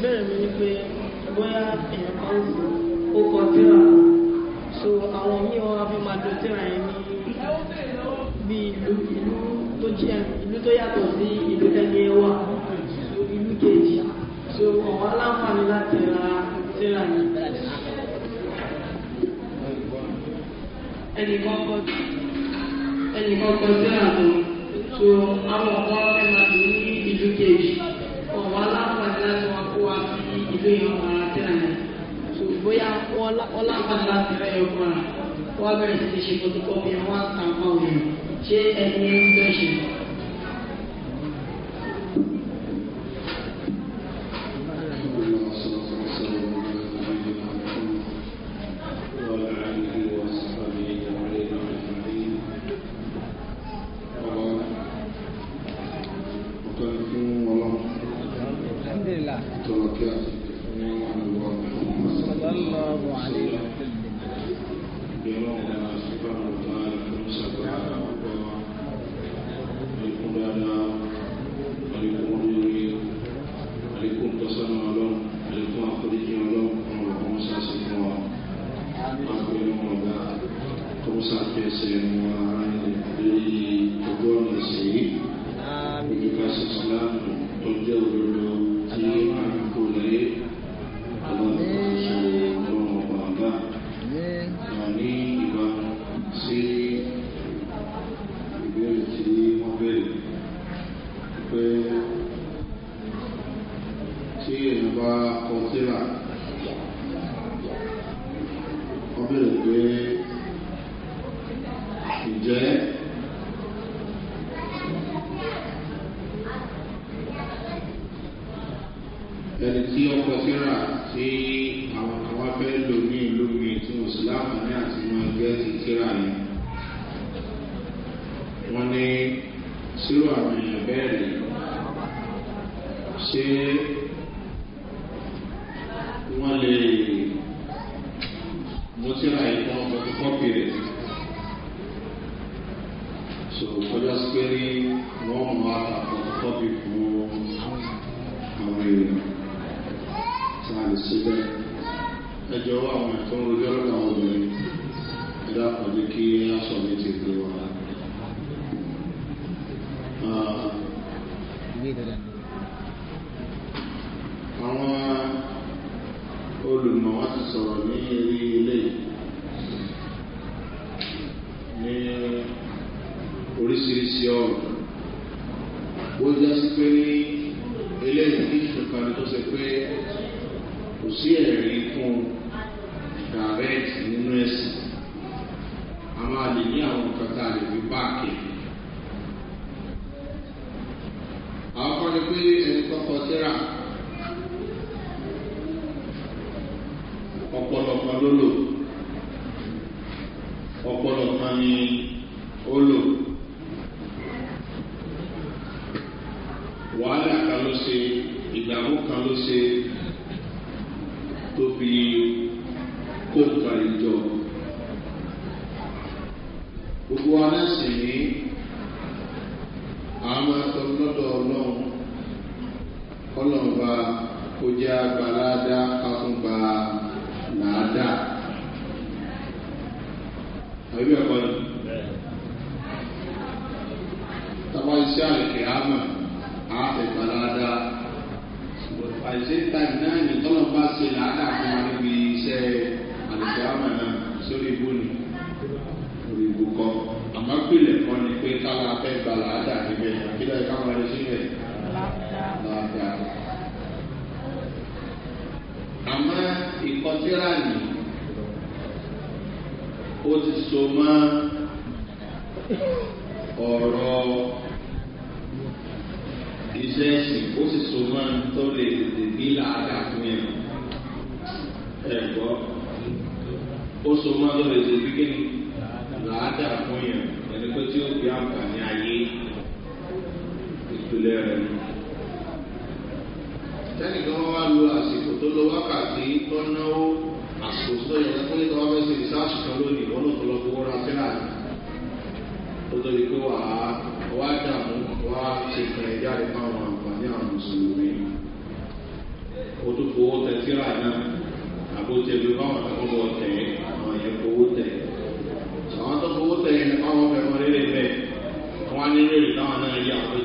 ìbéèrè mi ni pé bóyá èèyàn kan ó kọ tíra so àwọn míì wọn fi máa do tíra yẹn ní bí ìlú ìlú tó jẹ ìlú tó yàtọ̀ sí ìlú tẹ́lẹ̀ wà ìlú kejì so ọ̀wọ́ aláǹfààní láti ra tíra yẹn. ẹnìkan kọ ẹnìkan kọ tíra tó so àwọn ọkọ ẹ̀ máa dùn ní ìlú kejì pé bóyá ọlá kan láti fẹ́ yọ wọ́n bẹ̀rẹ̀ sí ti ṣe photocopy wọn á kà fún àwọn ṣé ẹni ẹni fẹ́ ṣe. wọ́n ní sírò àwọn èèyàn bẹ́ẹ̀ ni ṣé wọ́n lè mú síra ìtàn ọ̀gbọ̀n kọ́pì rẹ̀. ti so mọ́ ọ̀rọ̀ iṣẹ́ ẹ̀sìn ó sì so mọ́ tó lè tètè bí làákà fún yẹn ẹ̀gbọ́ ó so mọ́ tó lè tètè bí kéde làákà fún yẹn ẹni pé tí ó fi àǹfààní ayé ìpìlẹ̀ rẹ̀ ni. sẹ́nìkan wá lo àsìkò tó lo wákàtí tó náwó kò sí lóye ẹ̀ka pínlẹ̀ tó wá fẹ́ ṣe rìsáàsì kan lónìí wọn náà tó lọ fowó ra tẹ́lá rẹ̀ ó tóbi pé wà á wá dààmú wá ṣe kan ẹ̀ jáde fáwọn àǹfààní àwọn mùsùlùmí ó tún fowó tẹ síra náà àbójẹ bí báwọn àtàkùnbọ̀ tẹ̀ àwọn yẹn fowó tẹ̀ àwọn tó fowó tẹ̀ yẹn káwọn fẹ́ wọn lélẹ̀ bẹ́ẹ̀ wọn á nílé ìtàwọn náà yẹ àwọn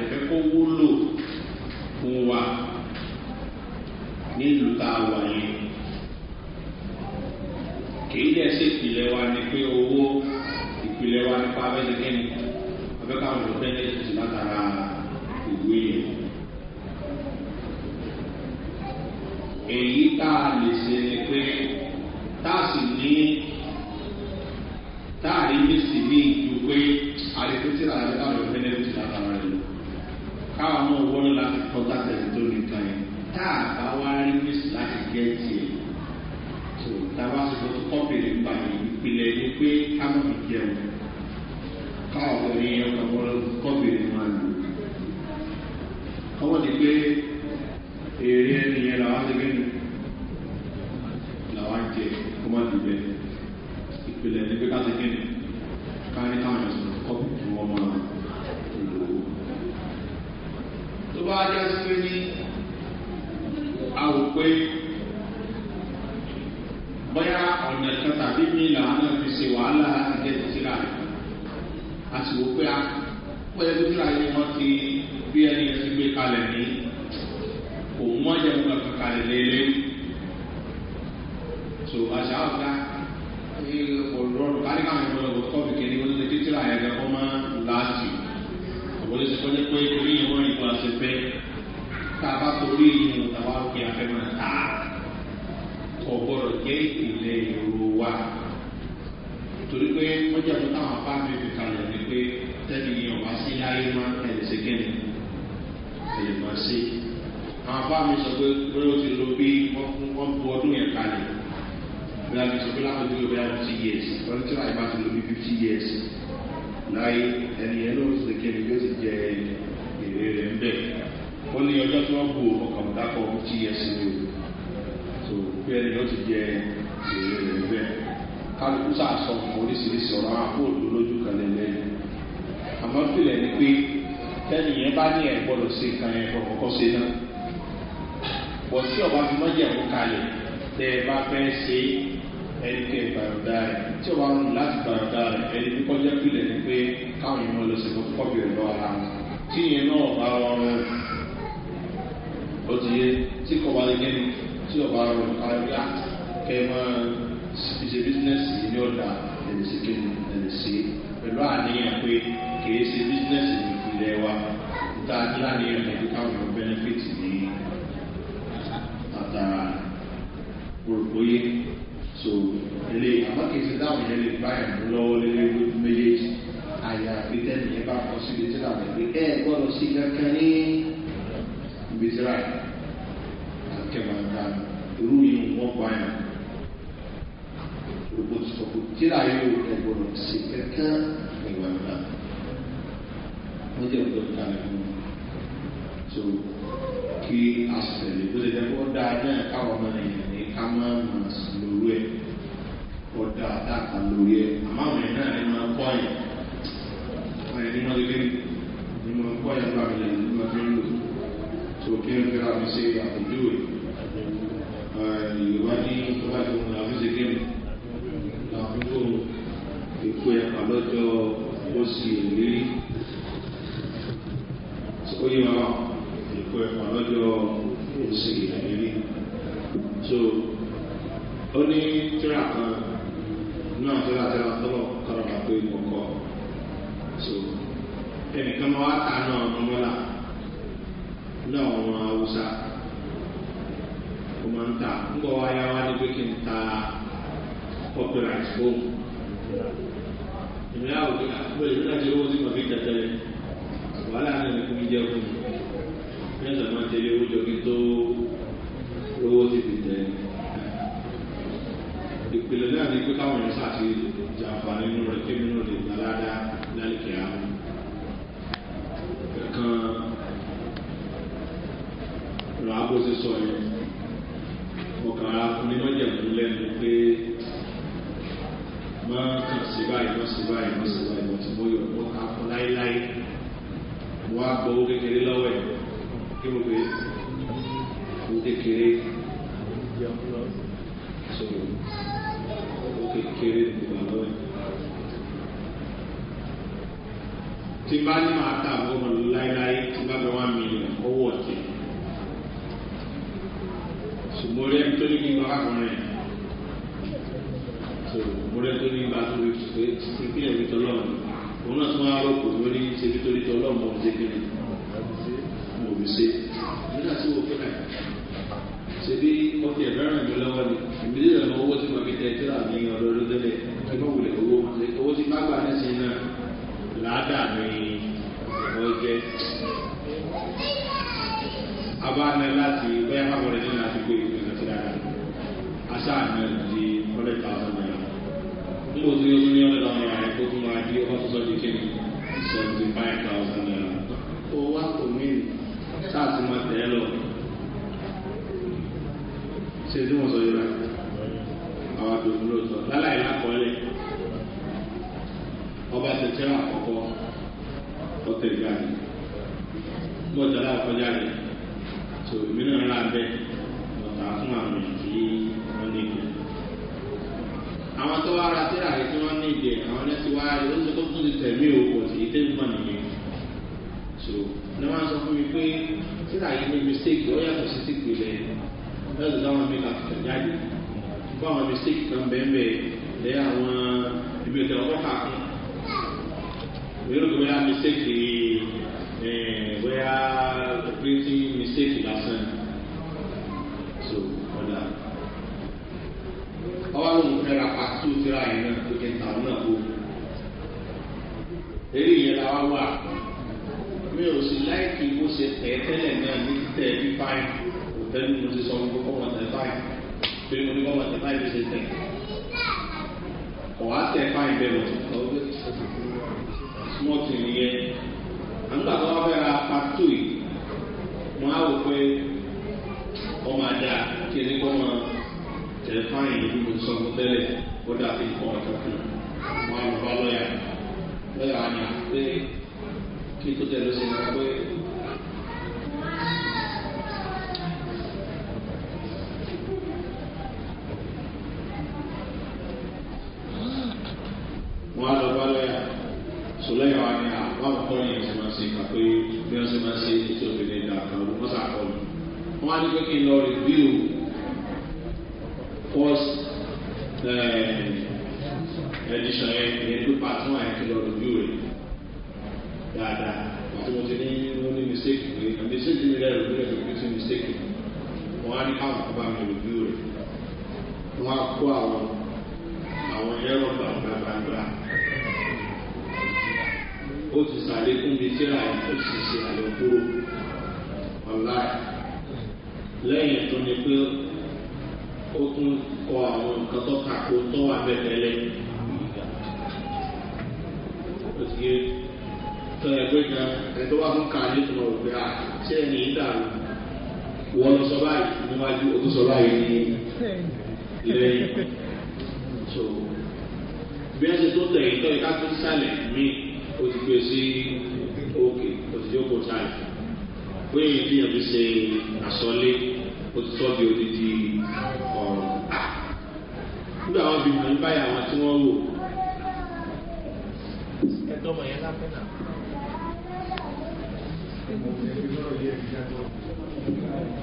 dẹ̀ fẹ́ kó wúlò fún wa nílùú tá a wà yìí. kálukú sàṣọ fún oríṣiríṣi ọ̀rọ̀ àpòòdù lójú kan lẹ́lẹ́ àmọ́ fìlẹ̀ ni pé tẹ́lẹ̀ yẹn bá ní ẹ̀gbọ́dọ̀ ṣe kan ẹ̀gbọ́n kọ́kọ́ ṣe náà bọ̀ tí ọba fi mọ́jẹ̀ mú kalẹ̀ tẹ́ ẹ bá fẹ́ ṣe ẹni tẹ́ ìgbàlódà rẹ̀ tí ọba ń lò láti gbàlódà rẹ̀ ẹni bí kọjá fìlẹ̀ ni pé káwọn èèyàn lọ sí kọ́bí ọ̀dọ́ ara wọn tí yẹn náà bá rọrùn ó ní ọ̀dà ẹ̀lẹ̀ sí kí ẹ̀lẹ̀ sí pẹ̀lú àníyàn pé kìí ṣe bísínẹ́sì ìpìlẹ̀ wa níta níláníyàn pẹ̀lú káwọn ọmọ bẹ́nẹ́fìtì ní àtàrà gbòrògbóyè so ilé àmọ́ kìí ṣe dáhùn yẹn lè bá ẹ̀mú lọ́wọ́ lélẹ́ méjèèjì àyà àgbẹ̀tẹ́ni yẹn bá kọ síbi tí làwọn ẹgbẹ́ ẹ̀ gbọ́dọ̀ sí kankan ní ibi tí ra àkẹ́mọ̀ àgbà sọ pé tíra yóò rẹ gbọdọ̀ sí kankan ìwà ńlá wọ́n jẹ́ ọ̀dọ́ ta ni fún un so kí a sẹ̀lẹ̀ bó ṣe jẹ́ kó dáa náà káwọn ọmọ nìyẹn ní ká máa mọ̀ lórí ẹ̀ kó dáa dáa lórí ẹ̀ àmọ́ àwọn ẹ̀ náà ni máa kọ́ ẹ̀ àwọn ẹ̀ ní máa lé ní máa kọ́ ẹ̀ lọ́wọ́ àmì lẹ́yìn ní máa fi ń so kí n fẹ́ra mi ṣe àpèjúwe ìwádìí tó bá ti mú àwọn ṣe kéwìn àkókò ìpè àlọ́jọ́ oṣù ìlérí ó yẹ wá ìpè àlọ́jọ́ oṣù ìlérí so ó ní tíra kan náà tíra tíra tọ́lọ̀ kọ́ra wà pé mo kọ́ so ẹnìkan máa wá ta náà ọmọlá náà ọmọ haúsá ó máa ń ta ń bọ̀ wáyá wá ní pé kí n ta ọ̀pẹ̀ àìsíkò ìmìlá òkè àkókò ìlú láti owó tí màá fi tẹ̀tẹ̀lẹ̀ wàhálà náà ní kúmi jẹ́ fún mi ní ẹ̀sán máa tẹ̀lé owó jọ kí tó owó ti fi tẹ̀ ìpìlẹ̀ náà ní pé káwọn èèyàn sàti jàǹfààní nínú rẹ̀ kí nínú rẹ̀ gbàládá lálẹ́kẹ̀ẹ́ báyìí wọ́n sì báyìí wọ́n ti mọ́ yọ̀ wọ́n ta fún láíláí wọ́n á gbọ́ owó kékeré lọ́wọ́ ẹ̀ kí mo gbé owó kékeré sọ̀rọ̀ owó kékeré ní ìgbà lọ́wọ́ ẹ̀. tí bá ní máa ta àwọn ọmọ lọ láíláí tí bá bẹ wá mílíọ̀nù owó ọ̀tẹ̀ ṣùgbọ́n orí ẹni tó kí n bá kọrin ẹ̀ tó ní ibà tó ní pé pípín ẹ̀mí tọ́lọ́mù òun náà tún wá rò kò lórí ṣe nítorí tọ́lọ́mù ọ̀hún ṣe kí ni mo fi ṣe. báyìí náà tó jẹ́ tàwọn náà kó. eré la wá wà mi ò sì láìkí bó ṣe tẹ̀ tẹ́lẹ̀ náà ní tẹ̀ bí báyìí kò tẹ́lẹ̀ mo ti sọ fún kókó wọn tẹ̀ báyìí pé mo ní kó wọn tẹ̀ báyìí bí ṣe tẹ̀. ọ̀wá tẹ̀ báyìí bẹ̀rẹ̀ smọ́tì nìyẹn àgbà tó wá fẹ́ ra pàtó yìí wọ́n á wò pé ọmọ àdá kí ẹni kọ́ mọ tẹ̀lé fáyìn ní gbogbo sọ́kùn tẹ́lẹ̀ ó dà sí ìfọ̀ ọ̀tọ̀ kan wọn á lọ bá lọ́yà lọ́yà á ní pé kí tó tẹ̀ ló ṣe wá pé. wọn á lọ bá lọ́yà sọlẹ́yà wa ni àwọn akọ́ni yẹn ti máa ṣe kà pé bí wọ́n ṣe máa ṣe ètò ìbílẹ̀ ìdá kan wọ́n ṣàkọ́ni wọ́n á ní pé kí n lọ rìbíù.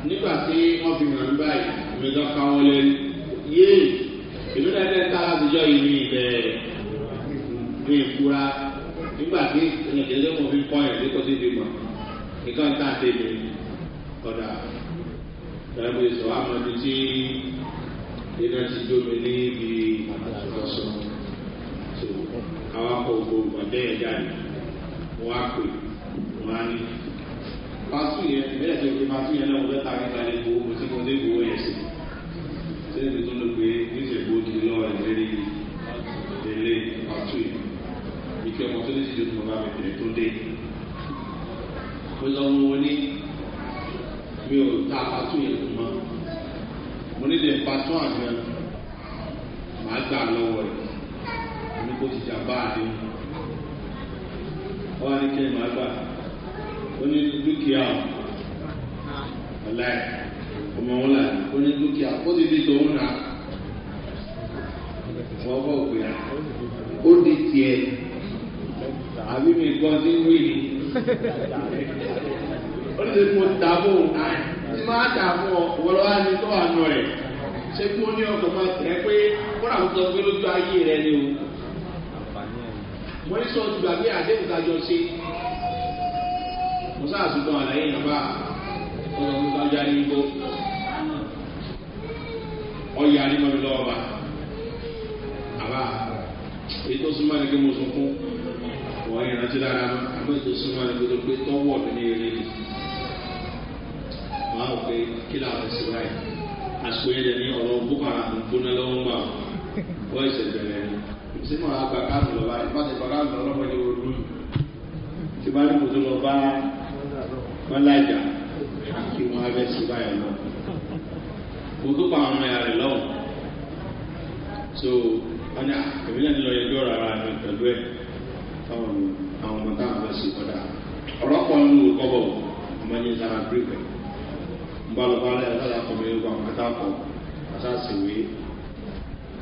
nígbà tí wọ́n fi hàn báyìí mi lọ ka wọn lẹ́nu yéè èmi náà dẹ́ ta àtijọ́ yìí ní ibẹ̀ ní ìkura nígbà tí ìrìnàjò wọn fi kọ́ ẹ̀ ní kó sì mọ̀ nǹkan tá a ti lè ọ̀dà ẹ̀rọ ìsọ̀ àmọ́bi tí iná ti dómi ní ibi àtàkọ́sọ tó awakọ̀ gbogbo ọ̀dẹ́yẹ̀dá wọ́n á pè wọ́n á ní pàtó yẹn bẹ́ẹ̀ sọ pé pàtó yẹn náà mo fẹ́ ta ní ta ní gbowó mo ti mo dé gbowó yẹn sí sẹ́yìn mi tó ló pé níṣẹ́ gbowó kiri lọ́wọ́ ẹ̀ lérí ilé pàtó yẹn ìkẹ́ ọmọ tó ní sí ìjọba bá mi bẹ̀rẹ̀ tó dé mo sọ fún wọn ní mi ò ó ní dúkìá ọ̀la ẹ̀ ọmọ wọn là ó ní dúkìá ó ti di tòun náà wọ́n bọ̀ pé di tiẹ̀ àbí mi gbọ́ sí wíìlì ó ní mo ta fún un náà ní máa ta fún ọ wọlọ́wọ́ á ní tó wà nù rẹ̀ ṣé kí wọ́n ní rẹ ni o wọ́n ní sọ ti gbàgbé àdéhùn kájọ musa àtúntàn àlàyé yẹn bá ọ̀rọ̀ musa yarí igbó ọ̀yarí mọ́ mi lọ́wọ́ bá àbá èyí tó súnmọ́ ni kí mo sùn fún wọ́n yẹn rántí dára àmọ́ èyí tó súnmọ́ ni kí mo pé tọ́wọ́ mi ní eré ni máa wọ pé kí làwọn ti sèwá yìí àsìkò yẹn ní ọ̀rọ̀ boko haram gbóná lọ́wọ́ gbà wọ́n ẹ̀sẹ̀ bẹ̀rẹ̀ ni sínú àgbà káàmù lọ́wọ́ àti pàṣẹ pàṣẹ lọ́wọ́ ìdíwọ̀ lóyún tí bá ní mo tó lọ bá wọn lájà àti wọn abẹ sí báyìí lọ mo tó pa àwọn ẹ̀yà rẹ̀ lọ́wọ́ so wọn ní àtẹ̀wé náà lọ yẹjọ́ rárá mi pẹ̀lú ẹ̀ táwọn àwọn ọmọ táwọn fẹ́ sí kọ́dà ọ̀rọ̀ pọ̀ nínú kọ́bọ̀ ọmọ ní sára bíríkẹ̀ ń bá lọ bá lẹ́yìn láti akọ̀mọ ẹ̀rọ àwọn kọ́tà kọ̀ àti àṣìwé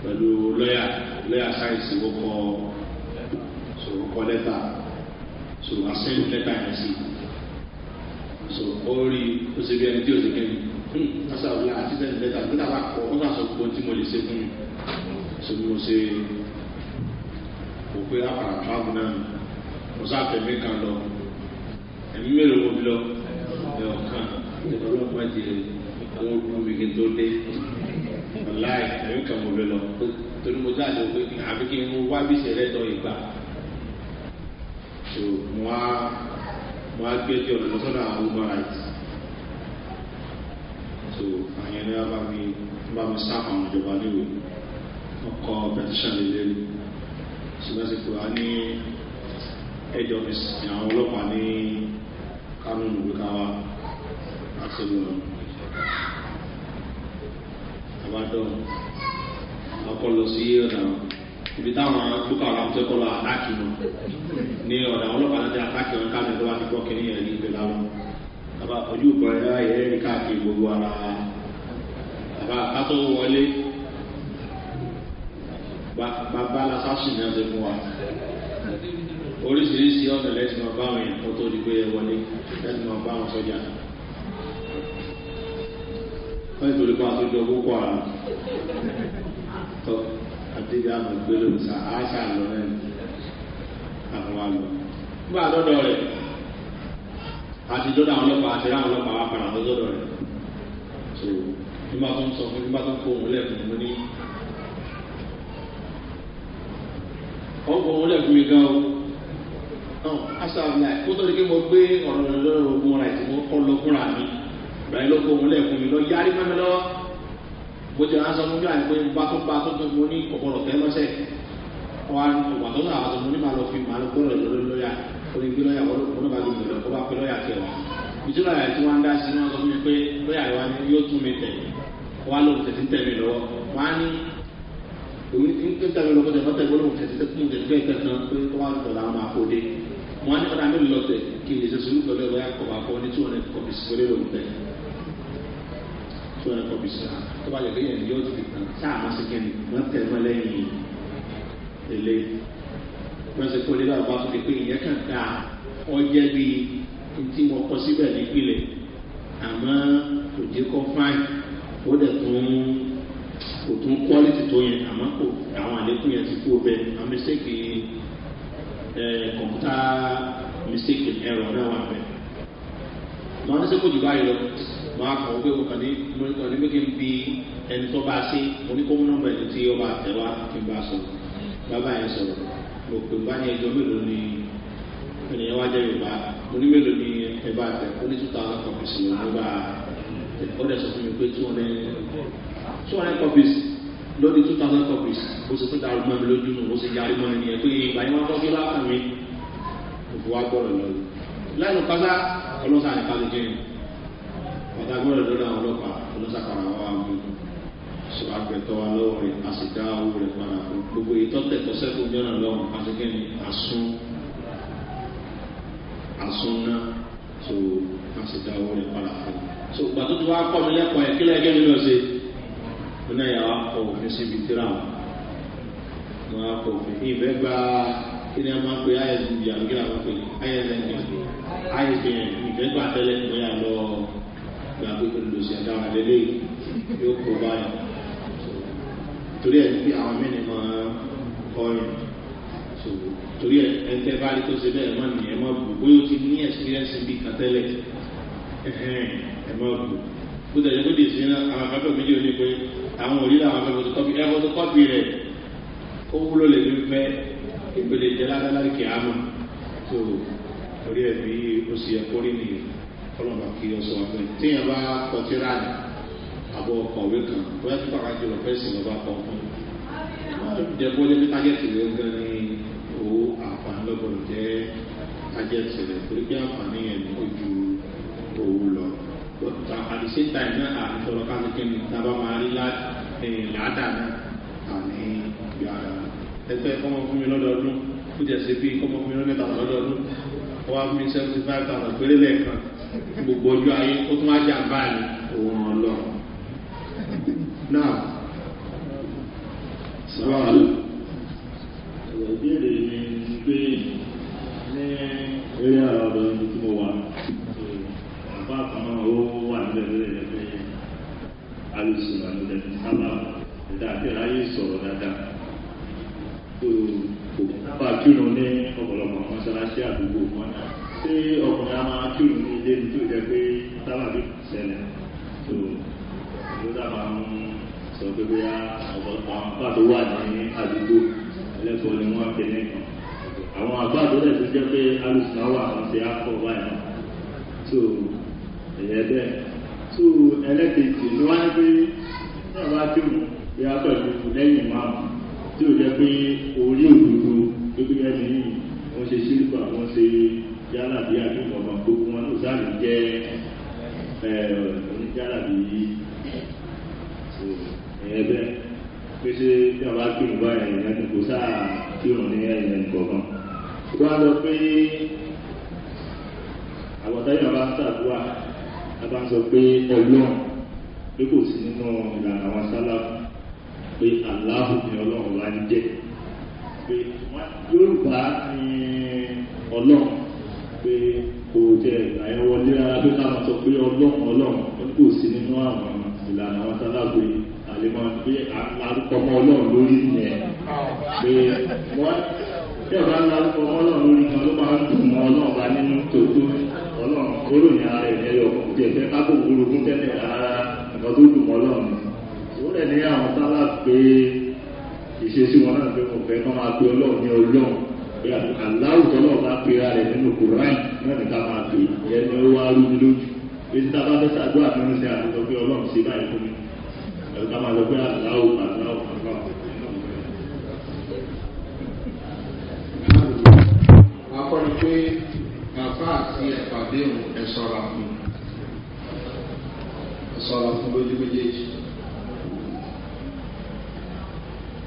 pẹ̀lú lọ́yà lọ́yà sáyẹ̀nsì wọ́kọ̀ sọ̀rọ̀ kọ́ lẹ́tà sọ̀rọ̀ àṣẹ́yìn lẹ́tà yẹn sí i so ó rí ó ṣe bí ẹni tí ó ṣe kẹ́mi ọ̀sà òun àti sẹ́ni lẹ́tà nígbà bá kọ́ ọ́n sàṣọ gbogbo tí mo lè ṣe fún mi so bí mo ṣe kò pé àpàrà travel náà mo sáfẹ̀mí kan lọ ẹ̀mí mélòó mo fi lọ ẹ̀ ọ̀kan ọlọ́pàá jẹ àwọn olùkọ́ mi kí n tó dé láì ẹ̀mí kan mo fi lọ torí mo jáde pé àbí kí n wá bí ìṣẹ̀lẹ̀ tọ́ ìgbà so wá wọ́n á gbé tí ọ̀nà lọ́sọ́dọ̀ àwọn human rights so àyẹn ní wọ́n bá mi bá mi sá àwọn ìjọba níwò wọ́n kọ́ petition lé lérí ṣùgbọ́n sì pé wọ́n ní ẹjọ́ mi sìn àwọn ọlọ́pàá ní kánú nùgbé káwá láti lù wọn àbádọ́ akọlọ sí ọ̀nà àwọn ibi táwọn boko haram tó kọ́ lọ àtàkì wọn ní ọ̀dà ọlọ́pàá náà ti àtàkì wọn káàkiri tó wá ti gbọ́ kiri yẹn ní ìpè lárọ́ bàbá ojú ìbọn ẹ̀rọ ayẹyẹ ní káàkiri gbogbo ara bàbá kátó wọlé bàbá lásásì náà ti fún wa oríṣiríṣi ọ̀nà lẹ́sìn máa bá àwọn èèyàn kó tó di pé ẹ wọlé lẹ́sìn máa bá àwọn sọ́jà wọ́n ti tó lè bá àtúndọ̀ boko àtẹ̀jẹ́ àmọ̀ gbélé òsà àṣà lọ rẹ̀ àwọn àlọ́. Nígbà àdọ́dọ̀ rẹ̀ àti dọ́dọ̀ àwọn ọlọ́pàá àti ráwọn ọlọ́pàá wà padà lọ́dọ̀ rẹ̀. So nígbà tó ń sọ fún nígbà tó ń fòun lẹ́kùn mú ní. Wọ́n fòun lẹ́kùn mi gan o. Àṣà àbúlá kó tó di pé mo gbé ọ̀rọ̀ lọ́rọ̀ ogun ọ̀rọ̀ ìtìmọ́ kọ́ lọ Ìgbà yẹn ló fòun lẹ́kùn mi lọ yárí mọ́ lọ́wọ́ bó ti ránṣọ mú ní àìpé bá tó bá tó tó mo ní kọ̀kọ̀rọ̀ tẹ́ lọ́sẹ̀ wà wà tó náà àtọ̀ mo ní màá lọ fi màá lọ kúrò rẹ̀ lórí lọ́yà orí gbé lọ́yà wọ́n ló bá gbé lọ kó bá fi lọ́yà tẹ̀ wá. ìtú lọ́yà tí wọ́n ń dá sí wọn sọ fún mi pé lọ́yà wa ni yóò tún mi tẹ̀ wá lóun tẹ̀sí tẹ̀ mi lọ́wọ́ wá ní òun ti ń tẹ̀ tẹ̀ mi lọ́wọ́ tẹ̀ tẹ̀ gbọ́dọ̀ tẹ̀sí tẹ̀ tẹ̀ tẹ̀ tẹ̀ tán pé tó wà lọ́dọ̀ làwọn máa kó dé wọ́n á ní ọ̀dà mi lọ́tẹ̀ kí n lè ṣe sùúrù pẹ̀lú ẹ̀rọ yà kọ̀ bá fọ́ ní tí wọ́n lè kọ̀ fi sùúrù lóun tẹ̀ tó yẹ kọ́ bí sọ tó bá yẹ kó yẹn yóò fi tán sáà má sèké ni wọ́n tẹ̀ wọ́n lẹ́yìn èlé wọ́n sọ pé olè bá wà sókè pé ìyẹn kàn dá ọjẹ́ bí tí wọ́n kọ́ síbẹ̀ nípìnlẹ̀ àmọ́ kò jẹ́ kọ́ fáìn ó dẹ̀ tún kò tún kọ́lẹ́tì tó yẹn àmọ́ kò àwọn àlékún yẹn ti kú ọbẹ̀ àmísẹ́kì kọ̀ǹpútà mistake error náà wà bẹ̀. màá ní sẹ́kọ̀ọ́ jù báyìí lọ máa kàn ó pé ọkàn ní ọdún pé kí n bi ẹni tó bá sí oníkóhùn nọmba ẹni tí ọba àtẹwá kí n bá sọrọ bàbá yẹn sọrọ mo pè bá ní ẹjọ mélòó ni ènìyàn wá jẹ yorùbá mo ní mélòó ni ẹ bá tẹ ó ní two thousand copies ló ń bá ó dẹ̀ sọ fún mi pé two hundred two hundred copies lórí two thousand copies ó sì tún dàrú mọ́ mi lójú nù ó sì yarí mọ́ ẹni ẹ pé ìgbà yẹn wọ́n tọ́ sí láàkàn mi òfò wá gbọ́dọ̀ lọ láìlú pátá ọlọ́sàn àyíká ló jẹ́ yẹn ọ̀tá gbọ́dọ̀ lọ́dọ̀ àwọn ọlọ́pàá olóṣàkàrà wa mú sọ àgbẹ̀tọ́ wa lọ́wọ́ rẹ̀ a sì dá owó rẹ̀ padà fún gbogbo ìtọ́tẹ̀ tó sẹ́kù jọ́nà lọ́wọ́ pàṣẹkẹ́ni àsún àsún náà tó a sì dá owó rẹ̀ padà fún. so ìgbà tó ti wá kọ́ mi lẹ́kọ̀ọ́ ẹ̀ kílẹ̀ ẹgẹ́ mi lọ sí i ní ẹ̀yà wa kọ òfin síbi tíra wọn wọn á kọ òfin ìbẹ́ gba kí ni a máa pe isb àbí kí ni a máa pe isb ìbẹ́ gba tẹ́lẹ̀ ìgbéyàwó gba pé kò lòsì àdáwọn àdélé yóò kó báyìí torí ẹ̀ bí àwọn mẹ́rin máa kọrin torí ẹ̀ ẹ̀ńtẹ́ bá rí tó ṣe bẹ́ẹ̀ má nìyẹn má bù bóyá o ti ní ẹ̀sìkírẹ́sì bí kan tẹ́lẹ̀ ẹ̀ má bù bó tẹ̀lé pé dèsí ní àwọn afẹ́fẹ́ méjì ò ní pé àwọn òrí làwọn afẹ́fẹ́ tó kọ́pì ẹ̀fọ́ tó kọ́pì rẹ̀ ó wúlò lè ní fẹ́ ìpele jẹ́ ládàlá tó torí ẹ̀ bí ó ṣe ẹ̀kọ́ rí nìyẹn kọlọ́mà kí ọ sọ wọn fẹ́ téèyàn bá kọtí ráàdì àbọ̀ kọ̀wé kan bóyá tó bàbá jùlọ fẹ́ sìn lọ́ba kan fún un jẹ́ bọ́lé pé tágẹ́tì rẹ̀ gan ni owó àǹfààní lọ́gbọ̀dọ̀ jẹ́ tágẹ́tì rẹ̀ torí pé àǹfààní yẹn ní ojú owó lọ àdìsí uh, táì náà àtọ̀rọ̀ káfí kẹ́mi tábà máa rí ládàá náà àní ìgbà ẹgbẹ́ ọmọ fún mi lọ́dọọdún ó jẹ́ sí bí ọmọ fún mi lọ́dọọdún wọ́n á fún mi seventy five thousand péré lẹ́ẹ̀kan gbogbo ojú ayé ó tún wá jà báyìí òun ọlọ́run náà sọ́wọ́n. débi tó jẹ́ pé sábà bí ṣẹlẹ̀ tó ló dábàá ń sọ pé bóyá àwọn àgbà tó wà ní àdúgbò ẹlẹ́kọ̀ọ́ ni wọ́n á pè nìkan àwọn àgbà tó dẹ̀ tó jẹ́ pé alùpùpù wà wọ́n ti á kọ̀ báyìí tó ẹ̀yẹ bẹ́ẹ̀ tó ẹlẹ́kẹ̀ẹ́jì ló wá ní pé ní àbá tí mo bí a pẹ̀lú lẹ́yìn máa tí jẹ́ pé orí òdodo tó bí ẹni wọ́n ṣe sílùkọ̀ àwọn ṣe jálà bí akẹ́kọ̀ọ́ ọmọ gbogbo wọn ló sáré jẹ́ oníjálà bí ẹ̀ẹ́dẹ́ pèsè bí a bá kírun báyìí ẹ̀yìn kò sáà kírun ní ẹ̀yìn kọ̀ọ̀kan. wọ́n á lọ pé àwọ̀táyà bá ń sàdúrà a bá ń sọ pé ọlọ́run pé kò sí nínú ìlànà àwọn sálàbù pé aláhùn ni ọlọ́run wá ń jẹ́ pé yorùbá ni ọlọ́run pé kò jẹ àyẹ̀wọlé ara pé ká máa sọ pé ọlọ́run ọlọ́run kò sí nínú àwọn ìlànà àwọn sálágbé àlèmọ́ pé arúgbó ọmọ ọlọ́run lórí ìyẹn pé wọ́n tí ọba ńlá arúgbó ọmọ ọlọ́run lórí kan ló máa ń dùn mọ́ ọlọ́run bá nínú tòótọ́ ọlọ́run kóró ní ara ẹ̀ lẹ́yọ̀ kò jẹ́ kákò gbólógún tẹ́lẹ̀ ara ẹ̀kọ́ tó dùn mọ́ ọlọ́run ó rẹ̀ ní àwọn sálágbé ìṣesí pé aláwùjọ náà bá pera rẹ̀ nínú kùrán náà ní ká máa pè yẹn ni ó wá rú mi lójú èyí tá a bá fẹ́ sàdúrà fún mi sí àtúntò pé ọlọ́run sí báyìí fún mi ẹ̀rù ká máa lọ pé aláwù aláwù aláwù. akọni pé bàbá àti ẹ̀pàdé òun ẹ̀ sọ̀rọ̀ fún ẹ̀ sọ̀rọ̀ fún lójú méjèèjì.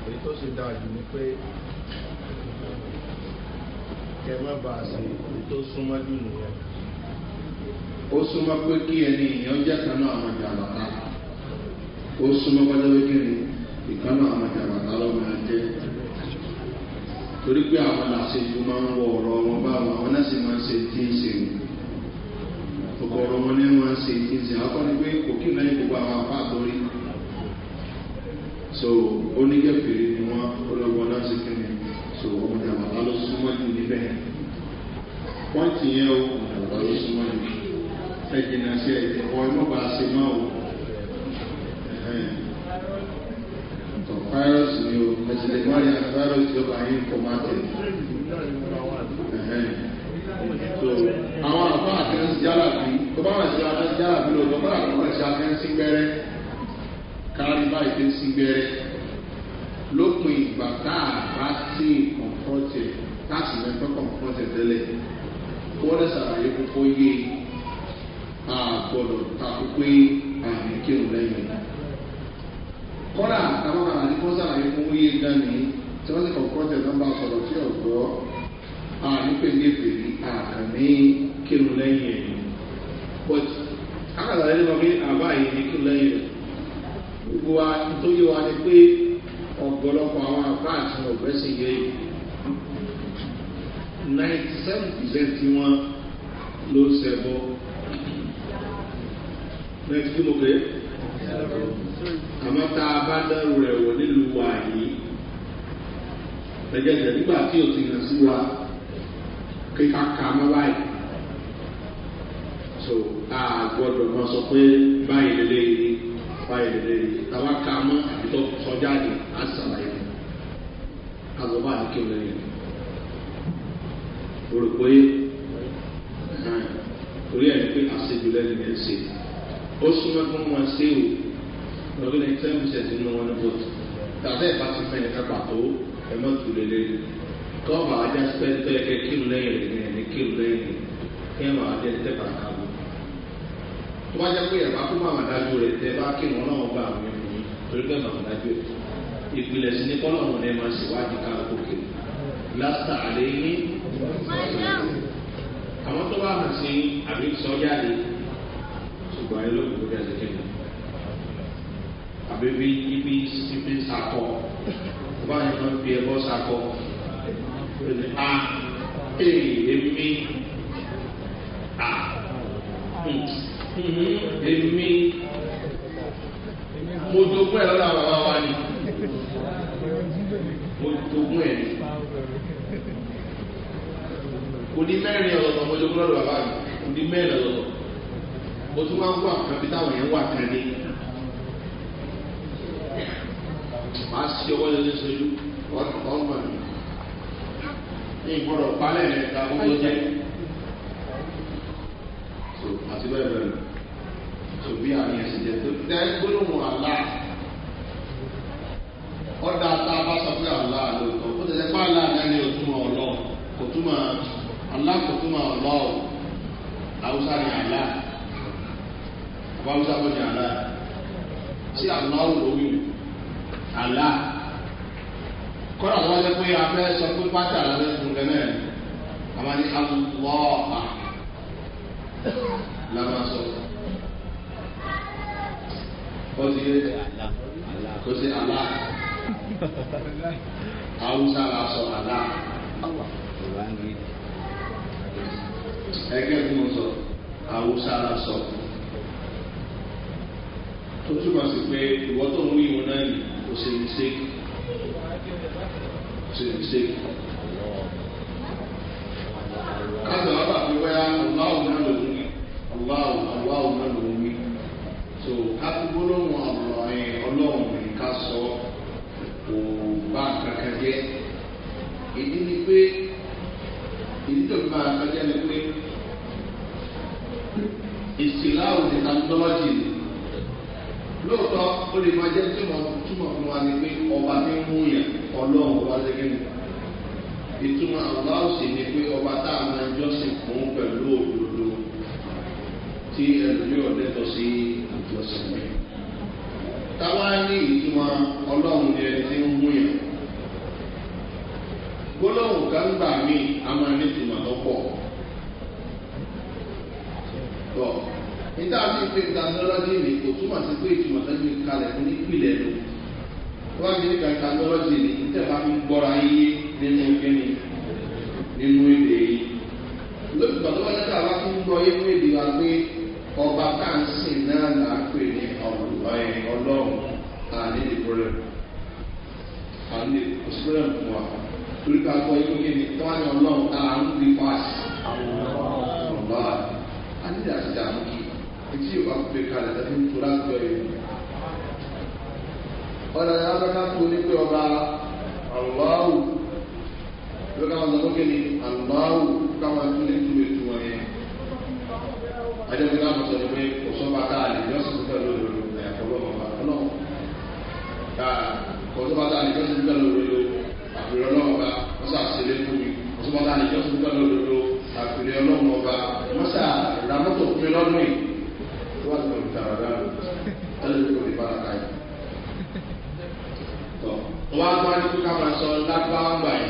èyí tó ṣe dáa jù ni pé kẹ má bàa ṣe tó súnmọ́ jù nìyẹn. ó súnmọ́ pé kí ẹni ìyẹn jẹ́ kan náà àwọn jàǹbá ó súnmọ́ pẹ́lẹ́wé kí ni ìkan náà àwọn jàǹbá lọ́mọ ẹ jẹ́ torí pé àwọn làṣejù máa ń wọ ọ̀rọ̀ wọn báwọn àwọn náà sì máa ń ṣe tí ń ṣe ọ̀gọ̀rọ̀ wọn ní wọn ṣe tí ń ṣe àkọ́ ni pé kò kí lẹ́yìn gbogbo àwọn àpá àtọ́rí so oníkẹ́fẹ̀ẹ́ ni wọ́n ó lọ́gbọ́n so ọ̀nà àbàbà ló súnmọ́ jù níbẹ̀ pọ́ǹtì yẹn o ọ̀nà àbàbà ló súnmọ́ jù ẹ̀jìnà sí ẹ̀jẹ̀ ọ̀ ẹ̀ mọ̀bà ṣe máa o tọ̀ fáírọ́s ni o ẹ̀sìlẹ̀ mọ́rin fáírọ́s ìjọba yín kọ́ máa tẹ̀ so àwọn àbá àtẹ́sí jálàbí tó bá wà sí àtẹ́sí jálàbí lò tó bá àtẹ́sí gbẹ́rẹ́ kárí báyìí tẹ́sí gbẹ́rẹ́ lópin ìgbà tá a bá sí kọ̀ǹfọ̀tì láti mẹ́fẹ́ kọ̀ǹfọ̀tì tẹ́lẹ̀ wọ́n lè ṣàlàyé púpọ̀ yé a gbọ́dọ̀ takò pé àmì kírun lẹ́yìn. kọ́lá àwọn àwọn àdìpọ́ ṣàlàyé fún yé gani tí wọ́n sì kọ̀ǹfọ̀tì nọ́mbà sọ̀rọ̀ sí ọ̀gbọ́ ànípè ní èbèrè àkànní kírun lẹ́yìn ẹ̀ but akàtà lẹ́yìn lọ pé àbá yìí ní kírun lẹ́yìn rẹ̀ gbogbo wa tó wa ni pé ọ̀pọ̀lọpọ̀ àwọn apá àti ọ̀gbẹ́sìn yẹn ninety seven percent wọn ló ń sẹ́bọ̀ ninety kí mo pè é àmọ́ tá a bá dẹ́rù rẹ̀ wọ̀ nílùú wa yìí ẹ̀jẹ̀jẹ̀ nígbà tí o ti yàn sí wa kíkà ká mọ́ báyìí so a gbọ́dọ̀ mọ sọ pé báyìí lélẹ́yìn apá ìrèlè tàwa ká mọ́ àbí tó sọ jáde á sàlàyé mọ́ azọba àdìkẹ́ òun lẹ́yìn o rò pé torí ẹ̀ ní pé àṣejù lẹ́nu ẹ̀ ṣe ó súnmọ́ fún wọn ṣé o lọ́gbẹ́ ní ten percent nínú wọn ní bọ́ọ̀tù tàbí ẹ̀ bá ti fẹ́ ní kápá tó ẹ̀ mọ́ tù lé lẹ́yìn tọ́ọ̀bù àjá spẹ́ńtẹ́ ẹ̀ kírun lẹ́yìn rẹ̀ ní ẹ̀ ní kírun lẹ́yìn rẹ̀ kí ẹ̀ tó bá jẹ́ pé ẹ̀bá tó máa dájú rẹ̀ tẹ́ bá kí wọn náà gba àwọn ẹ̀mí torí pé màá dájú rẹ̀ ìpìlẹ̀ sí ní kọ́nà wọn ẹ̀ máa ṣèwádìí ká òkè lásìtà àlẹ́ ní àwọn tó bá hàn sí àbí sọ jáde ṣùgbọ́n ẹ lóògùn lórí ẹ̀sẹ̀ kẹ́mi àbí bí ibi ibi sàkọ tó yẹn máa fi ẹbọ sàkọ a ah, èèyàn mi a. Ah, hmm èmi mo jogún ẹ̀ lọ́dọ̀ àwọn bàbá wa ni mo jogún ẹ̀ ni kò ní mẹ́rin ọ̀dọ̀dọ̀ mo jogún lọ́dọ̀ bàbá mi kò ní mẹ́rin ọ̀dọ̀dọ̀ mo tún máa ń wà kan bí táwọn yẹn wà kan ní. màá sí ọwọ́ yẹn lóṣooṣù wọ́n mọ̀ mí ní ìgbọ́dọ̀ palẹ̀ ẹ̀ka gbogbo jẹ́ àti bẹ́ẹ̀ bẹ́ẹ̀ lọ tó bí àwọn yẹn ṣe jẹ tó tẹ gbólóhùn àlá ọ̀dà tá a bá sọ pé àlá lóòótọ́ ó tẹ̀lé pé àlá àdáni ò túmọ̀ ọ̀lọ́ kò túmọ̀ àlá kò túmọ̀ ọ̀lọ́ o àwùsá ni àlá àbáwùsá kò ní àlá sí àlá ò lórí àlá kọ́nà tó wá jẹ́ pé abẹ́ sọ pé pátá àlá lẹ́sùn fún gẹ́gẹ́ àwọn ni àlọ́ àlá máa sọ ó ti rí kó sí àlá haúsá la sọ àlá ẹgbẹ́ tí mo sọ haúsá la sọ tó túmọ̀ sí pé ìwọ́ tó ń wí ìwọ náà ní kò sí mistake kò sí mistake. ọba tí ń mú yàn ọlọ́run ọba lẹ́gẹ́ nù. ìtumọ̀ pé ọba tá a máa jọ́sìn fún pẹ̀lú òdodo tí ẹlòmíràn lẹ́tọ̀ sí ìjọsìn rẹ̀. táwa ní ìtumọ̀ ọlọ́run ni ẹni tí ń mú yàn. gbólóhùn kan a máa ní ìtumọ̀ lọ́pọ̀ kíní kan tàbíọ́lọ́jì ni níta bá fi gbọ́ra yé nínú kíní nínú èdè yìí lóṣù tó wọ́n níta bá fi gbọ́ yé nínú èdè wa pé ọba káńsì náà là ń pè ní ọlọ́run àní ìdìbòrẹ̀ àní òṣìṣẹ́ fún wa torí ká gbọ́ yé kíní tó wá ní ọlọ́run àà ń fi pàṣẹ àwọn ọba àní ìdásídàmù kí etí yóò bá kalẹ̀ tàbí ń lágbájá tó ní pé ọba aláwù ló ká wọn lọ́kẹ́ ní aláwù káwọn tó ní túmọ̀ wọn yẹn. ajẹ́pẹ́ láwọn pé kò not bound by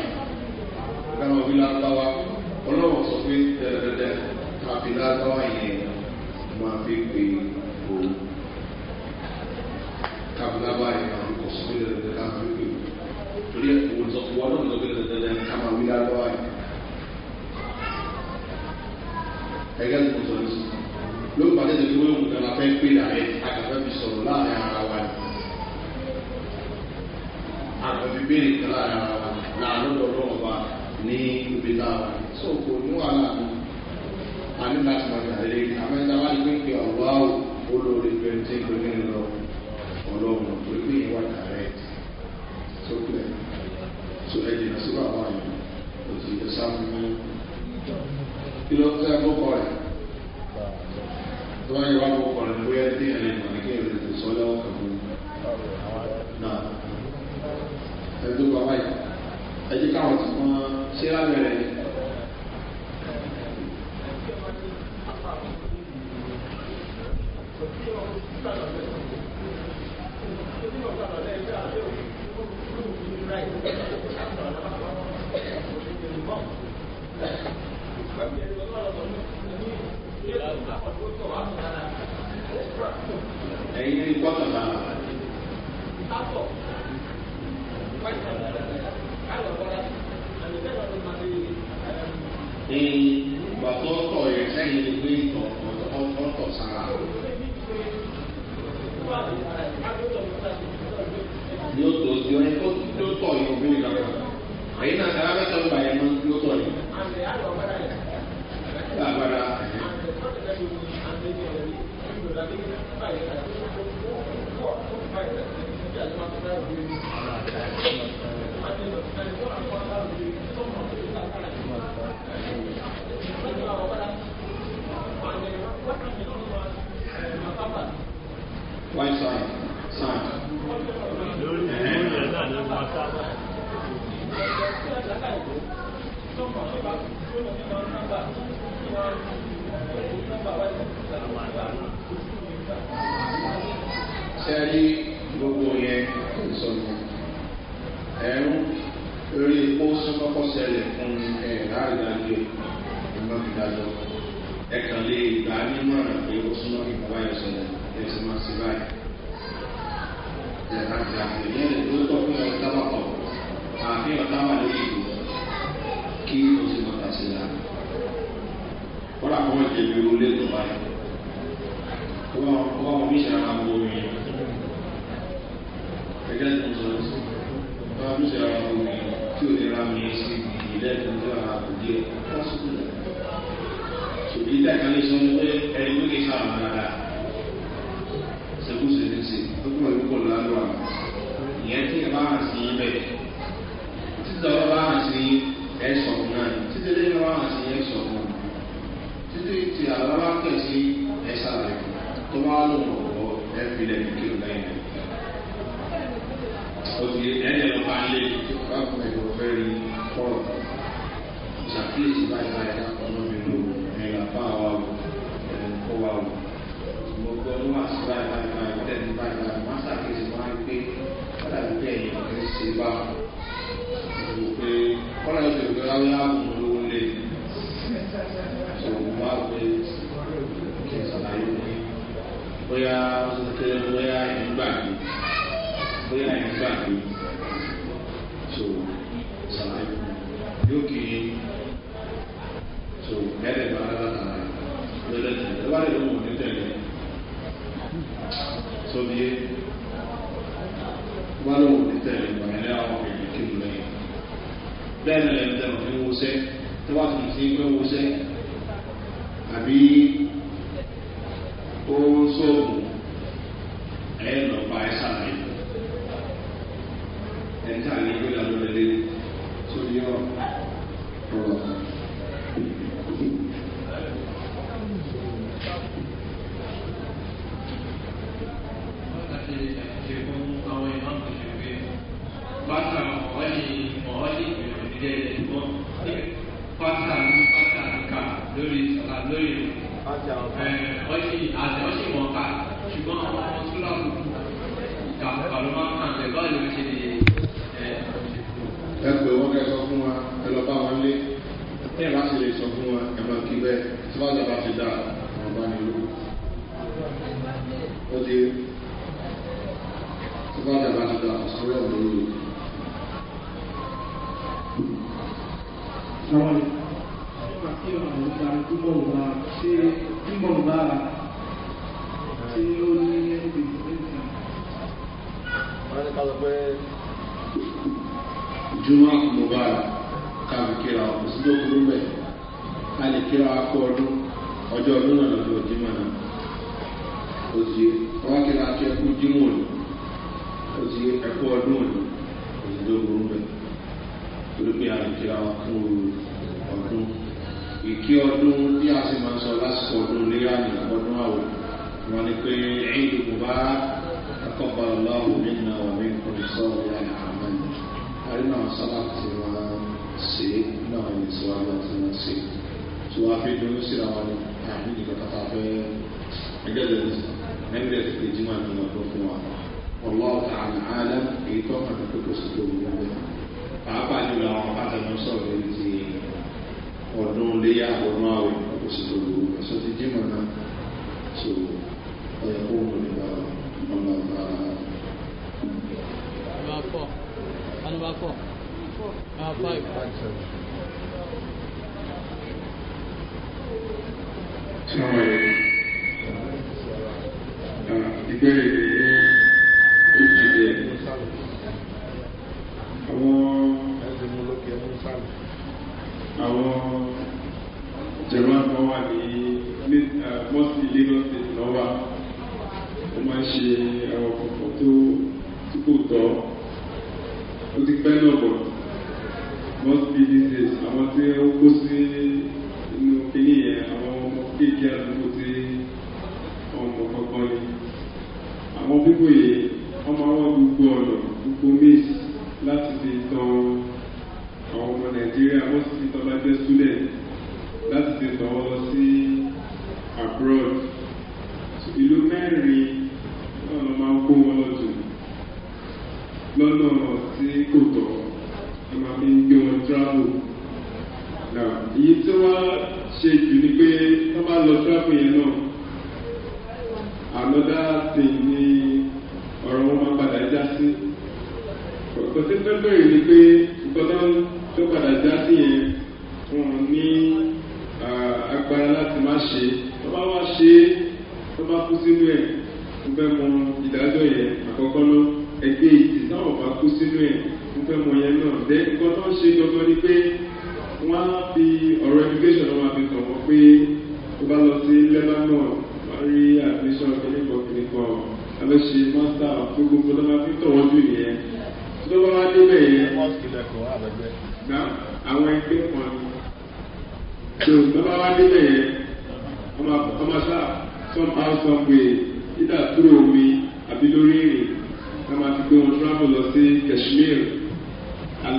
so ẹ̀ẹ́dẹ̀ bá ara náà lọ́lẹ̀ tẹ̀lé ẹ bá lè lóhùn ní tẹ̀lé so bí wọ́n lóhùn ní tẹ̀lé ìgbàlẹ́ àwọn èdè kí n lẹ́yìn bẹ́ẹ̀ ni ẹ̀ẹ́dẹ̀ òfin wọ́sẹ́ tó bá tún sí pé wọ́sẹ́ àbí. léyà ọ̀nà àwẹ̀ kò sí gbogbo ẹ̀sán ti jímọ̀ náà so ọ̀yà kó wọn nípa ọ̀nà ọ̀nà. Number four. Number four. Number five. Uh, ìbéèrè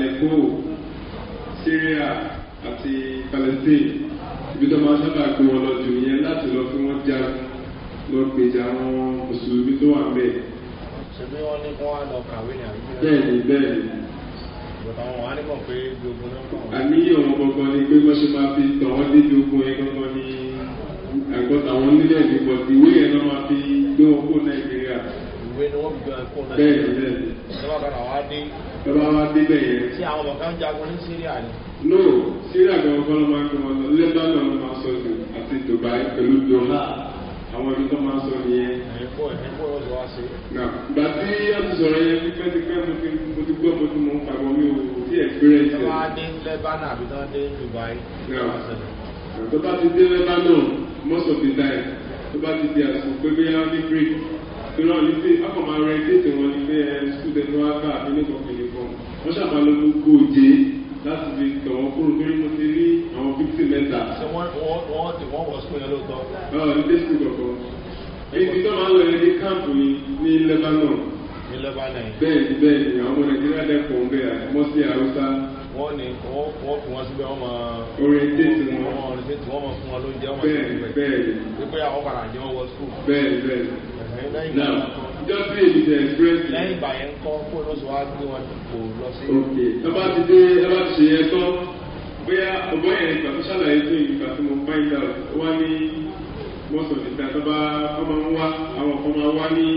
Ibo Syria àti Palestine ibi tó máa sábà gbé wọn lọ jù yẹn láti lọ fún wọn jagun lọ gbèjà àwọn mùsùlùmí tó wà bẹ́ẹ̀. ṣèbí wọn ní kí wọn lọ kàwé ní àbí. bẹẹni bẹẹni. bàbá wọn á nímọ̀ pé ibi ogun náà kàn. àníyàn wọn gbọgbọ ni pé wọn ṣe máa fi tàn wọn débi ogun yẹn gbọgbọ ni àgbọ̀tà wọn nílẹ̀ nígbà tí ìwé yẹn náà máa fi gbé wọn nàìjíríà. ìwé ni wọn gbé wọn nàìjíríà. bẹẹni bẹẹni. ìjọba tó bá wá débẹ̀ yẹn. tí àwọn ọmọ kan jagun ní syria ni. no syria gan fọlọ́ máa ń gbé wọn lọ lebanon máa sọ jù àti dubai pẹ̀lú dola ah. àwọn ibi tó máa sọ nìyẹn. ẹ̀kọ́ ẹ̀kọ́ ọ̀sọ̀ wá sí. nà gbà tí a ti yẹn pípẹ́ ti pẹ́ mo ti mo ti gbọ́ mo ti mọ̀ nípa mi ò tí experience. tó bá dé lebanon àbí tó dé dubai. nà tó ti dé lebanon most of the time tó ti di àsùn pé bí ní break. ìrọ̀lẹ́ pé a máa rẹ déètì wọn ní pé ẹ skul tẹ̀síwájú àbí nígbà kìíní ó ṣàmà ló mú góòjé láti fi tọ̀ wọ́n kúrò torí mo ti rí àwọn bíkítì mẹ́ta. ṣé wọ́n wọ́n ti wọ́n wọ̀ sóyún lóòótọ́? ọ̀ ní dẹ́sí kọ̀ọ̀kan. èyí ti tọ́ máa ń lọ ilé káàpù ní ní lebanon. bẹ́ẹ̀ni bẹ́ẹ̀ni àwọn ọmọ nàìjíríà dẹ́kun bẹ́ẹ̀ mọ́sí haúsá. wọ́n ní wọ́n fi wọ́n síbẹ̀ wọ́n máa. orientate wọn. wọ́n orientate wọ́n máa fún wọn lóúnjẹ wọn. bẹ́ẹ̀ni àwọn padà jẹ́ wọn wọ just be in the experience. lẹ́yìn ìgbà yẹn kọ́ kó ló sọ wá gbé wọn kò lọ sí. ok ẹ bá ti dé ẹ bá ti ṣe yẹn tán bóyá ọgbọ́n yẹn ìgbà tó ṣàlàyé tó ìgbà tí mo find out wá ní most of the time tó bá wọ́n máa ń wá àwọn kan máa wá ní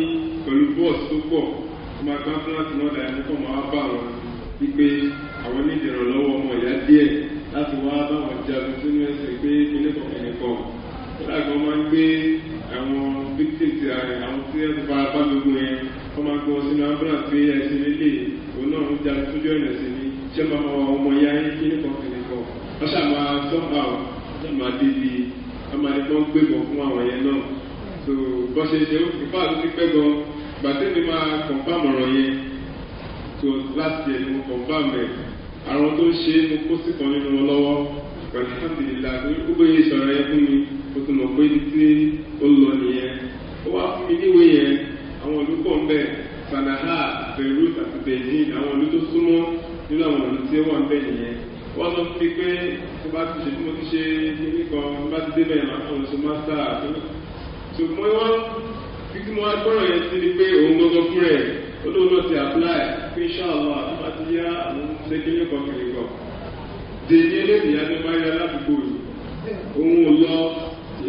pẹ̀lú bọ́ọ̀sì tó pọ̀ wọ́n máa gbá fúláàtì náà dàní kọ́ máa bá wọn wípé àwọn nídìí ìrànlọ́wọ́ ọmọ ìyá díẹ̀ láti wá báwọn jagun sínú ẹsẹ̀ pé kíní kọ̀ọ̀kan láàgbọ́n máa ń gbé àwọn victims àwọn tí wọ́n ti fara bágbógun yẹn wọ́n máa gbọ́ sínú abúlà pé ẹ̀sìn nílé òun náà ń ja sójú ọ̀nà sí ni ṣé máa wọ ọmọ ya ń kí nìkan kìnnì kan wọ́n ṣáà máa sọ́pà ọ̀ ṣáà máa débi wọ́n máa ní kí wọ́n gbébọ̀ fún àwọn yẹn náà so bọ́ ṣe ṣe ìfọ́ àti ti pẹ́ gan gbàtẹ́mi máa kọ̀ǹfàmù ọ̀rọ̀ yẹn so láti ẹ̀ ni mo kọ̀ǹfàmù ẹ̀ àwọn tó ń ṣe é mo kó sí kan nínú wọn lọ́wọ́ alhamdulilayi pé ó gbé yẹn sọ̀rọ̀ yẹn fún mi ó ti mọ̀ pé tí ó lọ nìyẹn o wá fún mi níwèé yẹn àwọn ìlú pọ̀ ń bẹ̀ sanaha beirut àti beijing àwọn ìlú tó súnmọ́ nínú àwọn ìlú tí ó wà ń bẹ̀ nìyẹn wọ́n sọ fún mi pé tó bá ti ṣe tí mo ti ṣe kíní kan tó bá ti débẹ̀ yẹn máa tọ̀hún sí mástà ṣùgbọ́n wọ́n fi kí mo wá gbọ́rọ̀ yẹn sí ni pé òun gbọ́dọ̀ fún rẹ̀ ó ti apply pé ṣáà lọ àtúbàtì yá àwọn ṣẹ́kẹ́lẹ́ kan kìlì kan. dèdí eléyìí adébáyé aládùúgbò òun ò lọ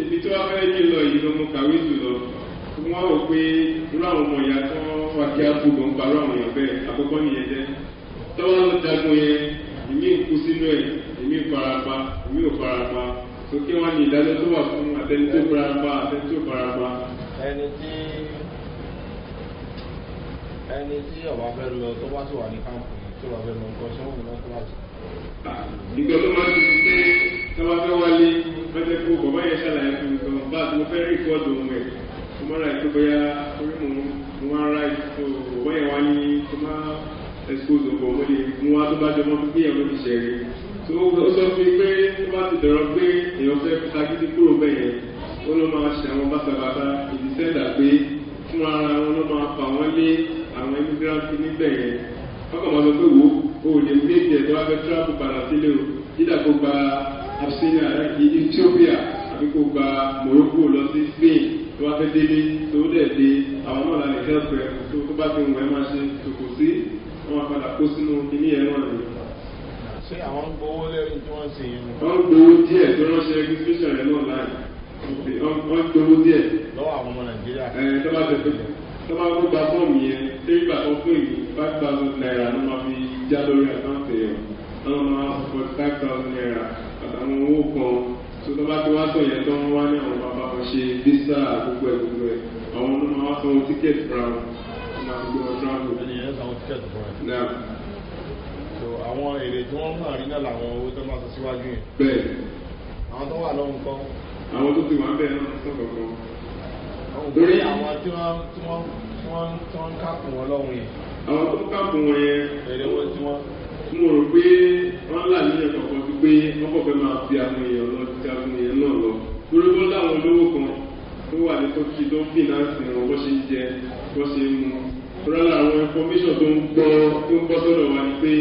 ibi tí wọn fẹẹ ní lọ yìí ló mú kàwé jù lọ wọn rò pé irú àwọn ọmọ ìyá tó wà kí àkùbọ ń parọ àwọn èèyàn bẹẹ àkọkọ nìyẹn yẹn èmi ń kú sínú èmi farapa èmi ò farapa sókè wọn tó wà fún tó farapa tó farapa. ẹni ìgbà tó máa ń tẹ̀lé pé táwa fẹ́ wálé fẹ́fẹ́ kó bàbá yẹn ṣàlàyé fún mi kan bá mo fẹ́ rí ìkọ́dù ohun ẹ̀ mo máa ra ètò bóyá orí mo mo máa ra ètò bàbá yẹn wá ní tó máa expose ọkọ̀ mo lè mú wá tó bá jọ mọ́ bí ẹ̀rọ ti ṣẹ̀rí tó ó sọ fún mi pé tó bá ti dọ̀rọ̀ pé èèyàn fẹ́ fi tagídí kúrò bẹ́yẹn ó ló máa ṣe àwọn bàtàbàtà ìdísẹ́dà pé fúnra wọn ló máa fà wọ́n lé àwọn immigrant níbẹ̀ yẹn wọ́n kàn máa sọ pé wò ó o ò lè gbé ìjẹ tó wá tíráàpù padà sílé o yídà kó gba absinia láti ethiopia àbí kó gba morocco lọ sí spain tó wá délé tó dẹ̀ dé àwọn náà lálẹ́ kẹ́sìpẹ́ tó tó bá ti wọ̀ ẹ́ máa ṣe tòkò sí wọn padà kó sínú ilé ẹ̀ náà nìyẹn. ṣé àwọn gbowó lẹ́yìn tí wọ́n ṣe yẹn. wọ́n gbowó díẹ̀ tó ránṣẹ́ exhibition rẹ̀ náà láàyè wọ́n gbowó díẹ̀. lọ́wọ́ àwọn ọmọ nàìjíríà. ẹ̀ tó bá tẹ̀ tó tó máa ń gba fọ́ọ̀mù yẹn ṣé ìgbà tó fún ìlú five thousand naira ló máa fi já lórí àkáǹtì yẹn wọn máa forty five thousand naira àtàwọn owó kan tó tó bá ti wá sọ yẹn tó ń wá ní àwọn bàbá kan ṣe visa gbogbo ẹ gbogbo ẹ àwọn ló máa wá sanwó tíkẹ́ẹ̀tì fúnra máa gbé wọn tíráàbù. ẹni yẹn sanwó tíkẹ́ẹ̀tì fúnra ẹ̀. àwọn èrè tí wọ́n máa rí náà làwọn owó tó máa sọ síwájú yẹn. bẹ́ẹ̀. àwọn tó wà lọ́hùn kan. àwọn tó ti wà ń bẹ̀ obìnrin àwọn tí wọ́n tí wọ́n tí wọ́n tí wọ́n kápò wọn lọ́rùn yẹn. àwọn tó kápò wọn yẹn. ẹ̀rẹ̀ wọn tí wọ́n. n ò rò pé wọ́n là nílẹ̀ kankan sí pé wọ́n kọ̀ fẹ́ máa fi àwọn èèyàn lọ sí àwọn èèyàn náà lọ. torí wọ́n láwọn olówó kan tó wà ní tókì tó ń fìnánsì wọn bó ṣe ń jẹ bó ṣe ń mu. rárá àwọn information tó ń gbọ́ tó ń gbọ́ sọ́dọ̀ wa ni pé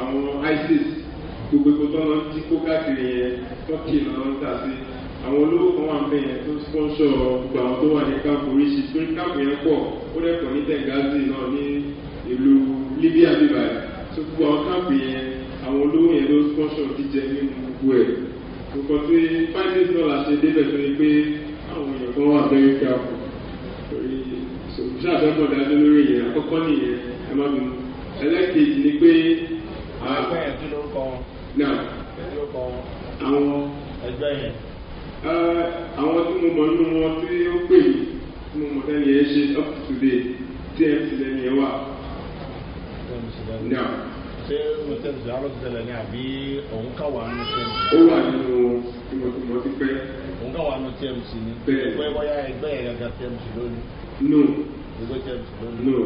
àwọn isis gbogbo ìkọ́tọ́ lọ sí kó káàkiri yẹn tọ́kì lọ́ọ́ ń tà sí àwọn olówó kan wà ń bẹ̀ yẹn tó sponsor gbogbo àwọn tó wà ní káàpù ríṣì torí káàpù yẹn pọ̀ ó dẹ̀kọ̀ ní tẹ̀gáàzì náà ní ìlú libya bíbá yẹn tó gbogbo àwọn káàpù yẹn àwọn olówó yẹn ló sponsor jíjẹ nínú gbogbo ẹ̀ nǹkan tó five days náà la débẹ̀ tó yẹ pé àwọn èèyàn kan wà bẹ́ẹ̀ káàpù torí ṣòwòṣà fẹ́ dájú lórí yẹn àkọ́kọ́ nìyẹn ẹ má bínú ẹlẹ́kejì ni pé ah, àwọn ẹgbẹ́ yẹn àwọn tí mo mọ̀ nínú wọn tí ó pè yìí tí mo mọ̀ sẹ́ni ẹ̀ ṣe up to today tí ẹ̀ ti lẹ́ni ẹ̀ wà. ṣé mo tẹ́lẹ̀ sí arọ́sí tẹ́lẹ̀ ní àbí òun káwà nínú tmc. ó wà nínú ìmọ̀tìmọ̀ ti pẹ́. òun káwà nínú tmc ni. bẹ́ẹ̀ pé bóyá ẹgbẹ́ yẹn gàgà tmc lónìí. no. ẹgbẹ́ tmc lónìí. no.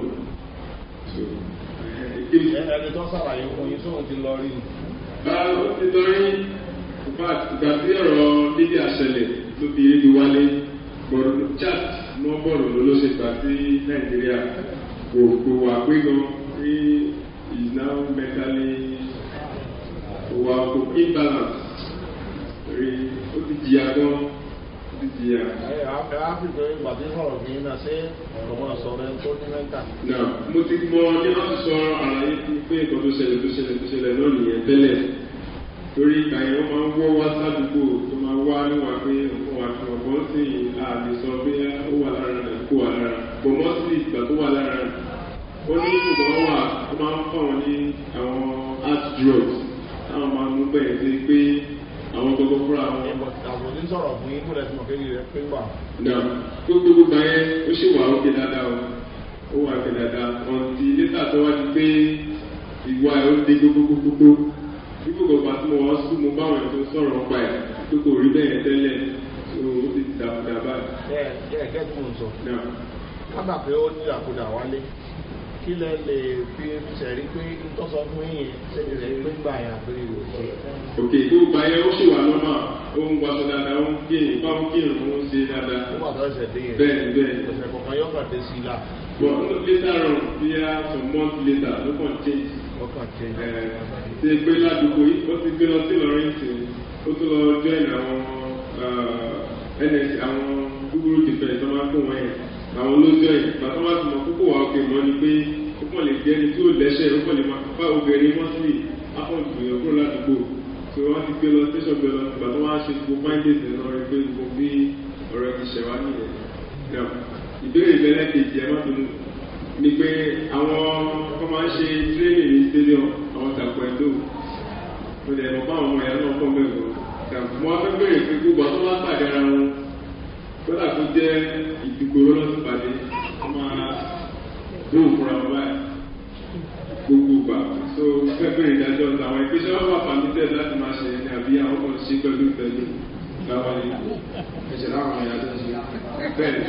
ẹni tó sàlàyé fún yín sóhun ti lọ rí ni. báwo ti lọ rí ìgbà tí ọ̀rọ̀ níbi àṣẹlẹ̀ tó fi ebi wálé chat mọ́ bọ́ọ̀lù ló ló ṣe gbà sí nàìjíríà kò kò wà pé gan ní ìnáwó mẹ́tàlì wà kò imbalance rí ó ti jìyà gan ó ti jìyà. ẹ áfíríkà ìgbà tí sọ̀rọ̀ kì í náà ṣe ọ̀rọ̀ máa sọ rẹ tó ní mẹ́ta. nà mo ti mọ ní wọ́n sọ àlàyé pé nǹkan tó ṣẹlẹ̀ tó ṣẹlẹ̀ tó ṣẹlẹ̀ lónìí yẹn tẹ́lẹ̀ torí ìgbà yẹn wọ́n máa ń wọ́ wá sádùúgbò tó máa wá níwà pé òun wà fún ọmọ sí àlè sọ pé ó wà lára rẹ̀ kó wà lára bọ̀mọ́ sí ìgbà tó wà lára rẹ̀ ó ní ìgbà wọn wà ó máa ń fáwọn ní àwọn art drugs táwọn máa ń mú bẹ́ẹ̀ sí pé àwọn gbogbo fúnra wọn. àwọn onísọ̀rọ̀ fún yín kó lẹ́sìn mọ̀ kékeré rẹ̀ pé wà. nà gbogbo gbogbo yẹn ó ṣì wà ókè dáadáa ó wà ókè dáadáa dípò gbọ̀gbà tí mo wá sí mo bá àwọn ẹ̀tọ́ sọ̀rọ̀ ọ̀pá ẹ̀ pé kò rí bẹ́ẹ̀ tẹ́lẹ̀ tó o ti dàkúdà báyìí. bẹ́ẹ̀ bẹ́ẹ̀ kẹ́kùn sọ. kábà pé ó ní àkúdà wálé kí lẹ lè fi sẹ̀rí pé ntọ́sọ fún yìnyín sẹ́ni rẹ̀ ló gbà yà pé o ṣe. òkè tó gba yẹn ó sì wà lọ́nà ó ń wáṣọ dáadáa ó ń gé ìpamọ́ kí ìrùn ó ṣe dáadáa. ó wà tó ẹsẹ̀ dé yẹn. bẹ́ẹ̀ bẹ́ẹ̀. ọ̀sẹ̀ kọ̀ọ̀kan yóò ti gbé ládùúgbò yìí ó ti gbé lọ sí lọrin tì ó tún lọ jọ ìnà àwọn ns àwọn gúgúrú dìfẹ̀ẹ́ tó máa ń fún wọn yẹn àwọn olóòjọ yìí bàtà wá sí mọ púpọ̀ wà òkè mọ́ ni pé ó kàn lè jẹ́ ẹni tí ó lẹ́sẹ̀ ó kàn lè máa fá obìnrin mọ́sílì afọ̀nìyàn kúrò ládùúgbò tí wọ́n ti gbé lọ tẹ́sán gbé lọ bàtà wá ṣe gbogbo máìndèsì lọ́rẹ́ pé gbogbo bí ọ̀rọ̀ ti ṣẹ̀wá nìyẹn ìbéèrè ìbẹ̀rẹ̀ kejì ẹ má fi ni pé àwọn ọkọ̀ máa ń ṣe tírénì ní stadium àwọn tàpọ̀ ẹ̀dọ́ mo dẹ̀ mọ̀ bá àwọn ọmọ ìyá náà kọ́ mẹ́wọ̀ tàbí mo fẹ́ bèrè pé gbogbo àwọn máa pàdé ara wọn kódà tó jẹ́ ìdìgbòrò lọ́sí pàdé wọ́n máa dóò fúnra wọn báyìí gbogbo gbà so fẹ́ bèrè ìdájọ́ àwọn ìpèsè wọn wà pàmìtẹ́ láti máa ṣe ní àbí àwọn kan ṣe pẹ̀lú pẹ̀lú báwa ni ẹ̀ṣẹ̀ láwọn ìyá tó ń ṣe bẹ́ẹ̀.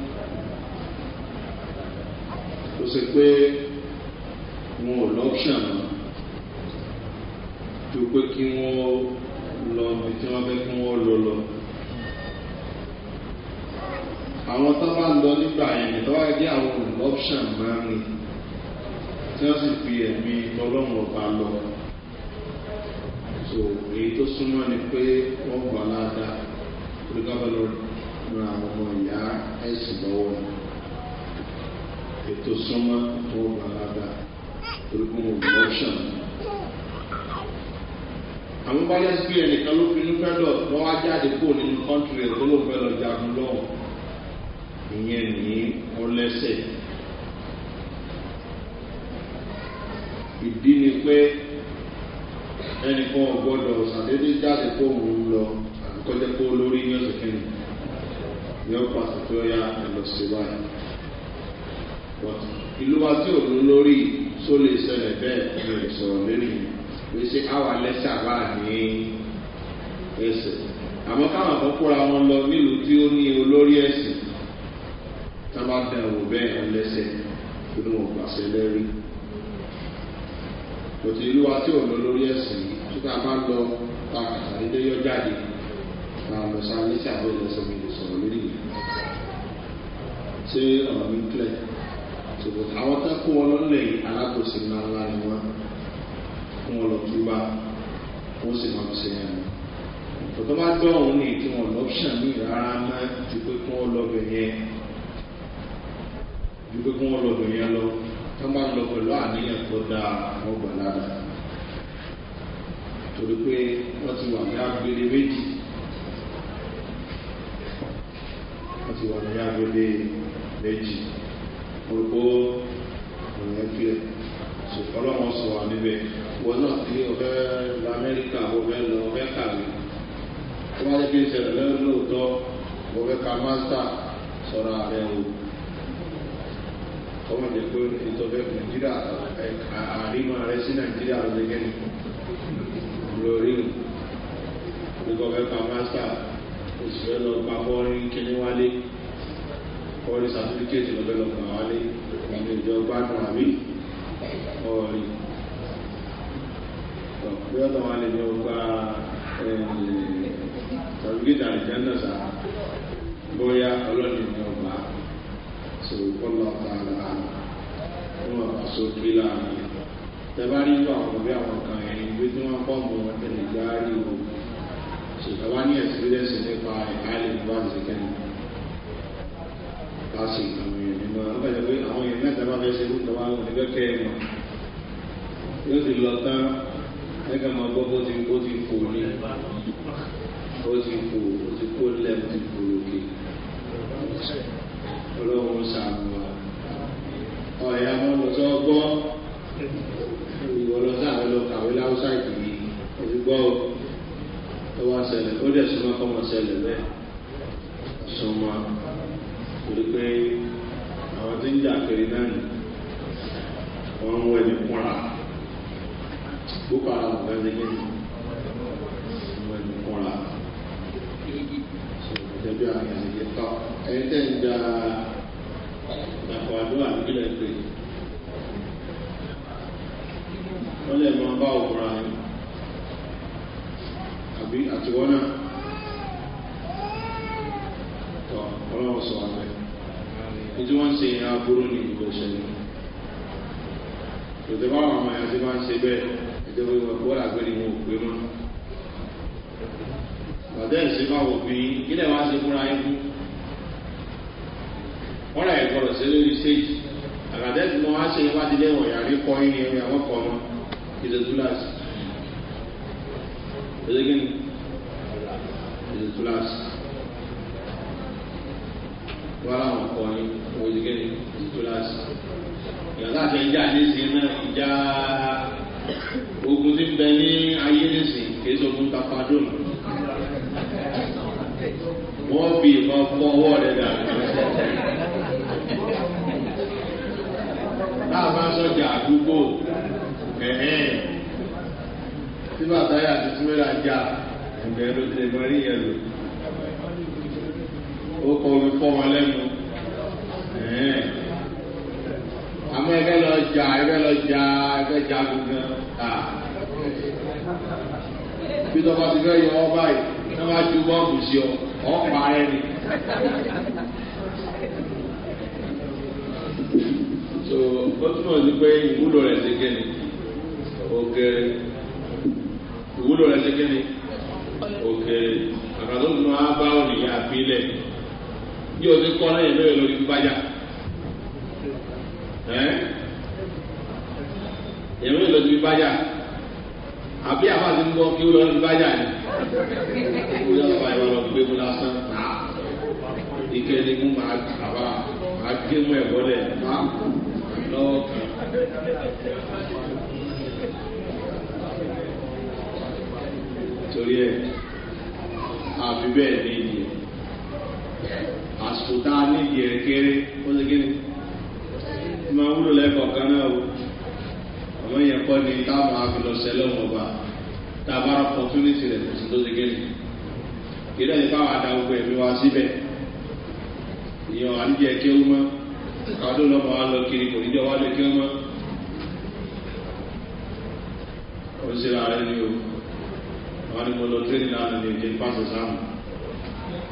tó ṣe pé wọn ò lọ́pṣàn mọ́ ju pé kí wọ́n lọ ibi tí wọ́n fẹ́ kí wọ́n lọ lọ. àwọn tó bá ń lọ nígbà yẹn tó wá jẹ́ àwọn lọ́pṣàn máa ń tí wọ́n sì fi ẹ̀mí ọlọ́run ọba lọ so èyí tó súnmọ́ ni pé wọ́n gbà ládàá orí kábàlọ́ ran àwọn ọmọ ìyá ẹ̀sìn lọ́wọ́ ni. ètò súnmọ́ wọn gbà lára orúkọ wọn àwọn bá yẹ sí ẹnìkan ló fi inú fẹ́ lọ lọ́wọ́ jáde kó nínú kọ́ńtì rẹ̀ tó ló fẹ́ ni pé ẹnìkan ọ̀gbọ́dọ̀ ṣàdédé jáde kó òun lọ àbíkọ́jẹ́ kó lórí ní ọ̀sẹ̀ kẹ́ni yóò pàṣẹ yá ìlú wa tí òun lórí tó lè sọlẹ̀ bẹ́ẹ̀ lè sọ̀rọ̀ lórí lè ṣe àwa lẹ́sà wà ní ẹsẹ̀ àmọ́ káwọn àkọ́kọ́ra wọn lọ nílùú tí ó ní olórí ẹ̀sìn tá a bá dẹ̀ wò bẹ́ẹ̀ lẹ́sẹ̀ kí ló wọn pàṣẹ lẹ́rí òtún ìlú wa tí òun lórí ẹ̀sìn tí tá a bá lọ ta kàtà nílé yọ jáde ta lọ sáré sí àbẹ̀lẹ̀ sọ̀rọ̀ lórí ṣé ọ̀rọ̀ mi ń kílẹ̀ àtúbọ̀ àwọn tán kó wọn lọ́lẹ̀ yìí alákòóso ńlá ńlá ni wọ́n fún wọn lọ túbà wọ́n sì máa ń ṣe yẹn lọ. tọ́tọ́ bá gbọ́ òun ní kí wọ́n lọ́pṣàn ní rárá má ju pé kí wọ́n lọ bẹ̀ yẹn ju pé kí wọ́n lọ bẹ̀ yẹn lọ tó bá lọ pẹ̀lú àníyàn tó dáa wọ́n gbà ládàá. torí pé wọ́n ti wà ní agbèrè méjì wọ́n ti wà ní agbèrè méjì orúkọ òyìn fi ẹ̀ so ọlọ́run sọ wà níbẹ̀ wọn náà tí ọbẹ̀ lọ amẹ́ríkà ọbẹ̀ lọ ọbẹ̀ kàwé tó bá dẹ́gbẹ́ ìṣẹ̀lẹ̀ lẹ́yìn lóòótọ́ ọbẹ̀ ka mástà sọ̀rọ̀ ààrẹ o ọmọ jẹ pé ìtọ́fẹ́ nàìjíríà àríwá rẹ sí nàìjíríà ló dé lórí ìgbọ̀fẹ́ ka mástà òṣìṣẹ́ lọ pa bọ́ọ̀rì kíní wálé ọ̀rí sàtífíkẹ́tì lọ́dọ́lọ́pọ̀ àwọn alẹ́ ìlú ìjọ gbádùn àbí ọ̀rí bóyá táwọn alẹ́ ìjọ gba sàtífíkẹ́tì àlìjáńdà sà bóyá ọlọ́ọ̀dì ìjọ gbà so kọ́lọ́ tààlà wọn bá so kí láàrin tẹ́bárí wà wọ́n bí àwọn kan ẹni gbé tí wọ́n kọ́ mọ́ ẹnìgbárí wọn so tẹ́bá ní ẹ̀sìpírẹ́sì nípa ẹ̀ka ilé ìgbà ìsìnkẹ́ni káàsì àwọn èèyàn nínú àwọn ẹ̀jẹ̀ pé àwọn èèyàn mẹ́ta bá fẹ́ ṣe fún tọ́wọ́ àwọn onígbẹ́ kẹ́ ẹ̀ mọ̀ yóò ti lọ tán ẹ̀ka máa gbọ́ bó ti bó ti fò ní bó ti fò ó ti kó lẹ̀ ó ti fò lókè ọlọ́run sàánú wa ọ̀yà wọn lọ sọ gbọ́ ìwọ lọ sáà lọ kàwé láwùsá ìkìlì òdìgbọ́ ọwọ́ àṣẹlẹ̀ ó dẹ̀ torí pé àwọn tí ń jà kiri náà nì wọ́n ń wẹ̀ ní kúnra gbogbo àwọn ọ̀gá ní kí ni wọ́n ní kúnra ìjọba àwọn ìṣẹ̀lẹ̀ tọ́ ẹni tẹ́ ń ja ìdàpọ̀ àdúrà nílẹ̀ pé wọ́n lè máa bá òkúra yìí àbí àtiwọ́n náà ọlọ́run sọ àwọn ní tí wọ́n ń se ìran aburú ní ìgbò ìṣẹ̀lẹ̀ tòtẹ́ bá àwọn ọmọ ẹ̀yà tí wọ́n ń se bẹ́ẹ̀ ẹ̀jẹ̀ bó wọ́n bọ́ọ̀lù àgbẹ̀rẹ̀ wọn ò pé mọ́ bàtẹ́ ìsìn máa wò bí ilẹ̀ wá sí fúnra yín fún wọ́n rà ẹ̀kọ́rọ̀ sí lórí stage àgàdẹ́ tí wọ́n á ṣe ìwádìí lẹ́wọ̀n yàrá kọ́ yín ni àwọn kọ́ ọmọ ìdẹ́túláṣì ìdẹ́gẹ́ni ìdẹ́túláṣì wọ́n á láwọn kọ́ yín mo ti gé kíláàsì ìyàtọ̀ àti ìjà nísìnyí náà ìjà ogun ti bẹ ní ayé nísìnyí kì í sọ fún tapadọ́nù wọ́n bí ìbọn fọ́ ọwọ́ rẹ̀ dà láàbá sọ́jà àdúgbò ẹ̀hẹ́n tí bàtáyà ti túnmẹ́lá jà ẹ̀bẹ̀rún àmọ́ ẹgbẹ́ lọ jà ẹgbẹ́ lọ jà ẹgbẹ́ jà gbogbo bí tọ́ba ti fẹ́ yọ ọ báyìí ní ni. so ó túmọ̀ sí pé ìwúlò rẹ̀ ṣe kéde òkè ìwúlò rẹ̀ ṣe kéde òkè àkàtúntò náà á bá ònìyàn àpilẹ̀ bí o ti kọ́ lẹ́yìn lóye èrò ìlò ti bájà àbí àbá ti ń bọ kí ó lọ ní bájà ni ó yọ ọba ìwà lọ gbé mu lásán ike ni mo máa àbá máa gé mu ẹ̀ wọlé máa kú lọ́wọ́ kan. torí ẹ àfi bẹ́ẹ̀ ni ìyẹn àsùtá nídìí ẹ̀ kéré ó ṣe kéré tí máa wúlò lẹ́kọ̀ọ́ kan náà o àwọn èèyàn kọ́ ni táwọn afilọ̀sẹ̀ lọ́wọ́ bá tá a bá rọ opportunity rẹ̀ kò sí tó ṣe kéde kí lẹ́yìn báwa da gbogbo ẹ̀mí wa síbẹ̀ ìyàn àníjẹ kéwú mọ́ àdó lọ́mọ wa lọ kiri kò níjọ wa lè kéwú mọ́ ó ṣe ra rẹ ni o àwọn ni mo lọ tẹ́lẹ̀ náà ní ìdí pásọ̀ sáàmù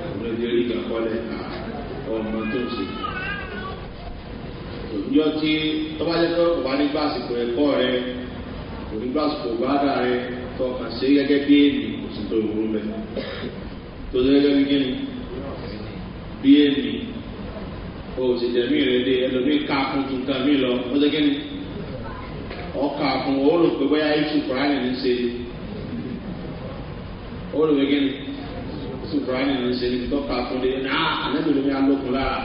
òun ló di orí ìgbà kọ́lẹ̀ ọmọ tó ń ṣe yọ tí tọ́ba jẹ́ pé kò bá ní gbàsìkò ẹ̀kọ́ rẹ kò ní gbàsìkò gbàdà rẹ tó kà sí gẹ́gẹ́ bí èmi kò sì tó ìwúrú mẹ́. tó ṣe gẹ́gẹ́ bí kíni bí èmi o sì jẹ̀mí rẹ dé ẹlòmí ká fún tuntun mi lọ ó ṣe kíni ọkà fún o rò pé bóyá iṣu kùránì ní ṣe o rò pé ni iṣu kùránì ní ṣe ní tọ́ka fún de náà àlẹ́ mi ló ní alókun lára.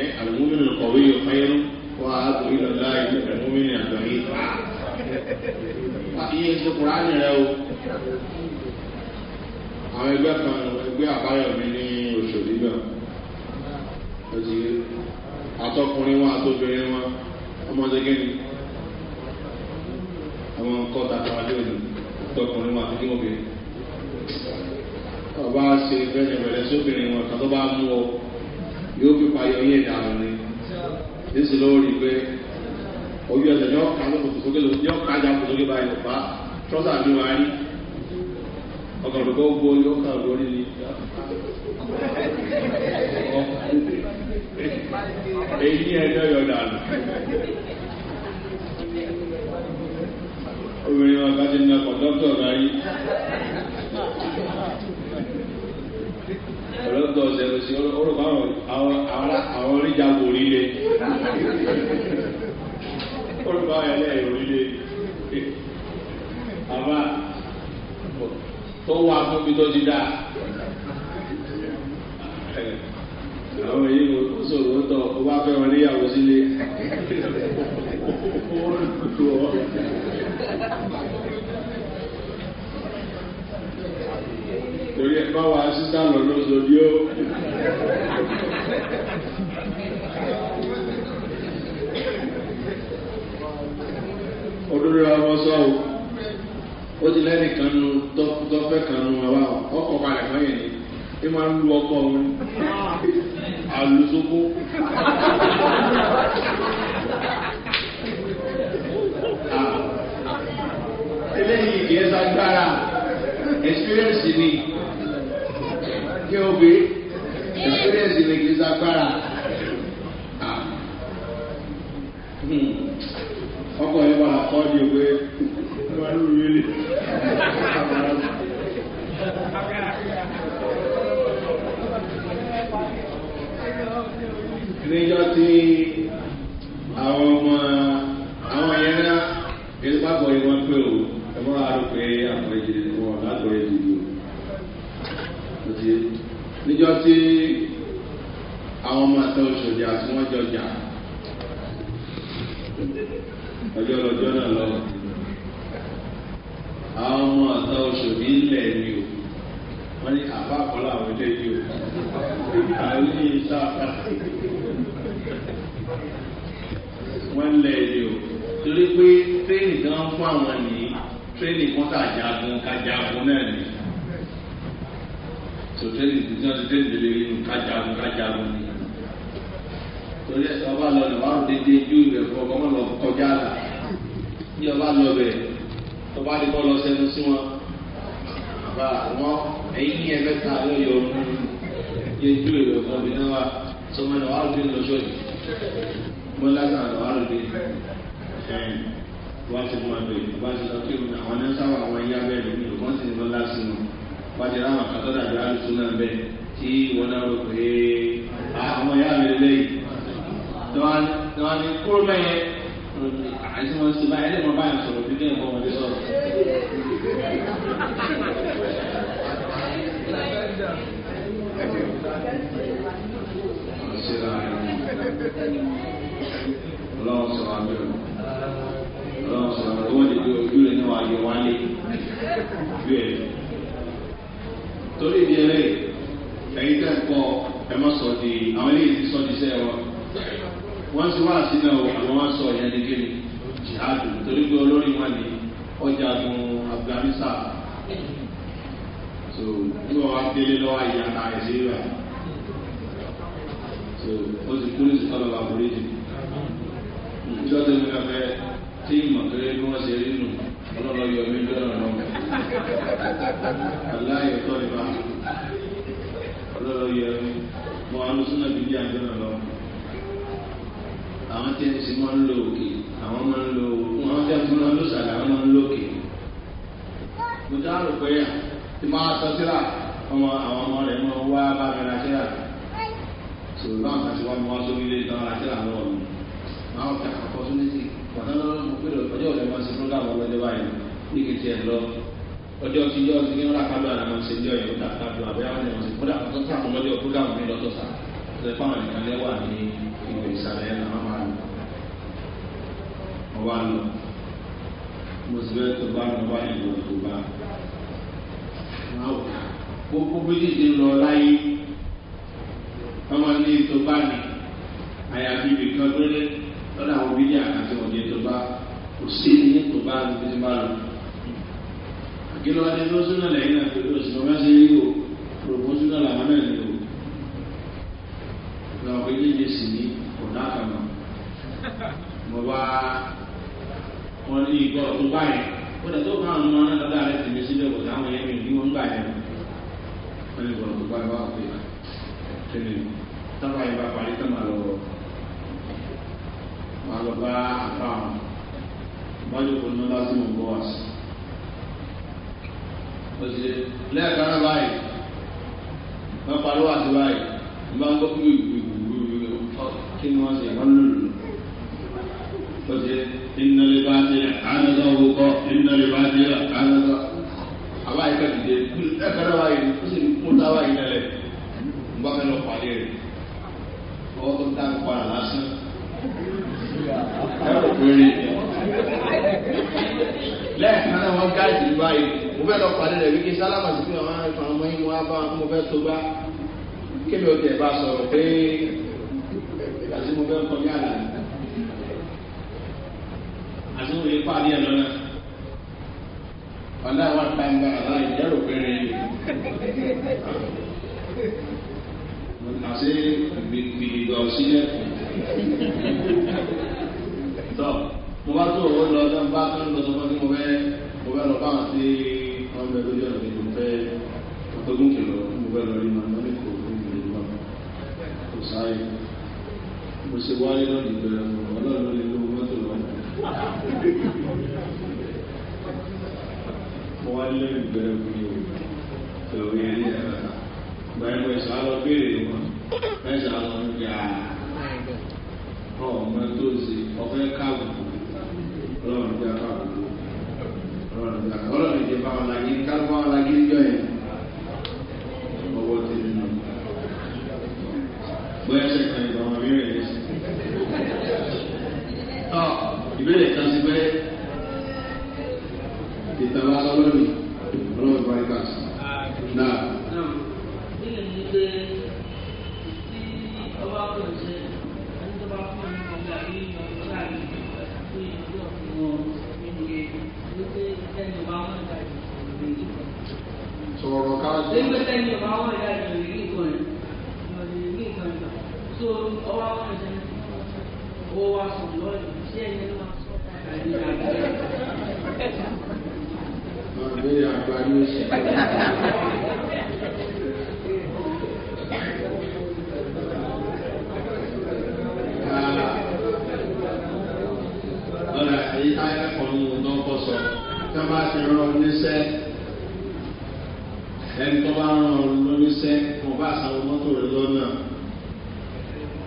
المؤمن القوي خير وأعاد إلى الله إنك المؤمن الضعيف iye tó kùránì rẹ o àwọn ẹgbẹ́ kan ẹgbẹ́ àbáyọ̀ mi ní oṣù nígbà ọtí atọkùnrin wọn àtọbìnrin wọn ọmọdé gẹ́ni àwọn nǹkan tàbí adé òní atọkùnrin wọn àti kíkọ́bìnrin ọba ṣe fẹ́ẹ́ ní ìbẹ̀rẹ̀ sóbìnrin wọn kan bá mú ọ yóò fi payọ yẹn dànù ni níṣẹ́ lọ́wọ́ rí pé ojú ẹsẹ̀ ni ọ̀ka ló kòtò sókè lóko ní ọ̀ka jà kòtò sókè báyìí ọ̀pá trọ́sà ni wàá rí ọkàn ló kọ́ gbó ní ọkàn ló rí ni. èyí ẹjọ́ yọ dànù. obìnrin wọn bá ti na kọ̀ńdọ́tọ̀ náà yìí ọlọ́gbọ́n ọ̀sẹ̀ lọ sí orúkọ àwọn àwọn oníjàgbò oríire orúkọ àwọn ẹlẹ́yìn oríire àmà tó wà fún mi tó ti dá àwọn èyí kò tó sọ̀rọ̀ tọ̀ ó bá fẹ́ wọn níyàwó sílé. torí ẹ bá wa sísá lọ lọ́sọ bí ó. olórí ọmọ sọ́wọ́ ó ti lẹ́nu kanu tọ́fẹ́ kanu àwa ọkọ̀ balẹ̀ fún yẹn ni ẹ máa ń lu ọkọ̀ òun àlùsókó. Ah. eléyìí kì í sagbára experience ni. kí o bí experience lè kí sagbára hmm. ọkọ̀ yẹn wà di tí àwọn tí àwọn ọmọ ẹ̀tọ́ òṣòdì àti wọ́n jọ jà náà lọ àwọn ọmọ ẹ̀tọ́ òṣòdì ilẹ̀ ni o wọn ní àbá àkọlà àwọn yìí o àwọn ilé yìí wọn ni o torí pé tírénì tí fún àwọn nìyí tírénì kan jagun kájagun kájagun ni torí ẹsẹ ọba lọ lọ wàá dédé ju ìwẹ fún ọkọ ọmọ lọ kọjá là ní ọba lọ bẹ ọba ní kọ lọ sẹnu sí wọn bá wọn ẹyin ní ẹgbẹ ta ló yọ ọmọ yẹ ju ìwẹ fún ọbẹ náà wa sọmọ ní wàá dédé lọjọ yìí mo lásán ní wàá dédé wọ́n ti mú abẹ́ yìí wọ́n ti sọ pé àwọn ẹ̀ńsáwọ̀ àwọn ẹ̀yà bẹ́ẹ̀ lómi wọ́n sì ń lọ lásìkò wọ́n ti ráwọn àkàtọ́ dàbí alùpùpù náà bẹ́ẹ̀ tí wọ́n náà pé àwọn ah, ìyá mi lélẹ́yìí tọ́wọ́ ni kúrò mẹ́yẹ àti wọn sì báyìí lẹ́mọ̀ báyìí sọ̀rọ̀ bí kí ẹ̀kọ́ ọmọdé sọ̀rọ̀. Ọlọ́run sọ̀rọ̀ àbẹ̀rẹ̀. Ọlọ́run sọ̀rọ̀ àbẹ̀rẹ̀. Wọ́n lè gbé ojú rẹ̀ náà ayọ̀ wálé. Bẹ́ẹ̀ torí ìdí ẹlẹ́yìí ẹ̀yin tẹ́ ń kọ́ ẹ mọ́ sọ di àwọn eléyìí ti sọ di sẹ́ wọn. wọ́n ti wá sí náà àwọn wá sọ ìyẹn nìkan ni jihadu torí pé olórí wọn ni ọjà gun afghanistan. so nígbà wá délé lọ́wọ́ ìyá ta ẹ̀sìn rẹ̀. so ó ti kú ní sọ́dọ̀ bá borí jù. ìjọ tó ń bẹ fẹ́ tí mọ̀kẹ́rẹ́ bí wọ́n ṣe rí nù ọlọ́lọ́ yọ mí lọ́rọ̀ náà. aláyọ̀ tó ní bá lọ́lọ́ yẹ ẹ̀rú mọ àwọn súnà bíbí àjọyọ̀ lọ. àwọn tí ń sin máa ń lo òkè àwọn máa ń lo wọn jẹ́ fún wọn ló sàlẹ̀ àwọn máa ń lo òkè. mo dá rò pé tí máa sọ síra ọmọ àwọn ọmọ rẹ̀ máa wá bá mi ra síra. sòrò báwọn kan wá mi wá ilé ìtàn ra síra lọ́wọ́ máa ń fi àkọ́kọ́ sí i. bàtà lọ́wọ́ mo pè lọ́jọ́ ìrẹ̀wọ̀n sí fúnlá àwọn ọmọdé báyìí ní kìtì ẹ̀ lọ́wọ́ ọjọ́ ti yọ ti ní ọ̀rá kábíyà náà wọ́n ṣe ní ọ̀yọ́ ó dàgbà ju àbẹ́yà wọn ni wọ́n ṣe kódà tó tà fún lọ́jọ́ program ní lọ́tọ̀ sá ṣe fáwọn nìkan lẹ́wà ní ìwé ìsàlẹ̀ ẹ̀ náà máa ń lọ. mo wá lọ mo sì fẹ́ tó bá mi wá ìlú tó bá gbogbo méjèèjì lọ láyé ọmọ ní tó bá mi àyàfi ibìkan tó lé lọ́dọ̀ àwọn bídíà àti ọ̀dẹ̀ tó bá kò sí ní tó bá mi tó bá lọ kí ló wá dé tó súnà lẹ́yìn náà tó tó sùn ọba ṣe yí o mo bá wọn ní ìgbọ́ tó báyìí ó dẹ̀ tó bá àwọn ọmọ náà dáadáa rẹ̀ tẹ̀lé sílẹ̀ kò sáwọn yẹn mi ní wọn gbà yẹn wọn lè gbọ́dọ̀ tó báyìí wá pé òṣìṣẹ́ lẹ́ẹ̀kan náà báyìí wọ́n pariwo àti báyìí wọ́n bá ń gbọ́ pé kí ni wọ́n ṣe wọ́n lòlù òṣìṣẹ́ ìnáwó bá ti rẹ̀ ánàdọ́ owó kọ́ bá ti rẹ̀ ánàdọ́ àbáyé ká dìde lẹ́ẹ̀kan báyìí ó sì ní kó táwa yìí ń bá fẹ́ lọ pàdé rẹ̀ ọwọ́ tó dá ń para lásán ẹ̀rọ péré lẹ́ẹ̀kan náà wọ́n gáàjì báyìí mo fẹ́ lọ pàdé rẹ̀ wíkí sálámà sí fún àwọn ẹ̀fọn ọmọ yìí mo wá bá mo fẹ́ tó bá kébì ọ̀tẹ̀ bá sọ̀rọ̀ pé ìgbà tí mo fẹ́ kọ́ ní àlà àti mo lè pàdé ẹ̀ lọ́nà ọ̀nà àwọn àtàǹgbà àlá ìjẹ́rò péré àti gbìgbìgbà òsínlẹ̀ tọ́ mo bá tó owó lọ sọ́nbà tó ń lọ sọ́nbà tí mo fẹ́ mo fẹ́ lọ bá wọn sí i wọ́n bẹ lójú ọ̀nà ìlú fẹ́ ọgbẹ́gùn kìlọ̀ mo fẹ́ lọ rí ma lọ́lẹ́ kò ní ìlú ìlú wa kò sáré mo ṣe wáyé lọ́dì bẹ̀rẹ̀ mọ̀ ọlọ́run lè lo mọ́tò lọ. mo wá lé ìbẹ̀rẹ̀ mi o pẹ̀lú ilé ẹ̀rọ gbàyẹ̀ mo ẹ̀sán lọ béèrè wọn ẹ̀sán lọ ń gbà ọmọ tó ṣe ọfẹ́ káàbù ọlọ́run gbà káàbù ọlọ́run ìdè bá wọn lágé kálọ́ bá wọn lágé níjọ yẹn ọwọ́ ti nínú bóyá ṣe kan ìgbà wọn bí rẹ̀ lé sí. ìbéèrè kan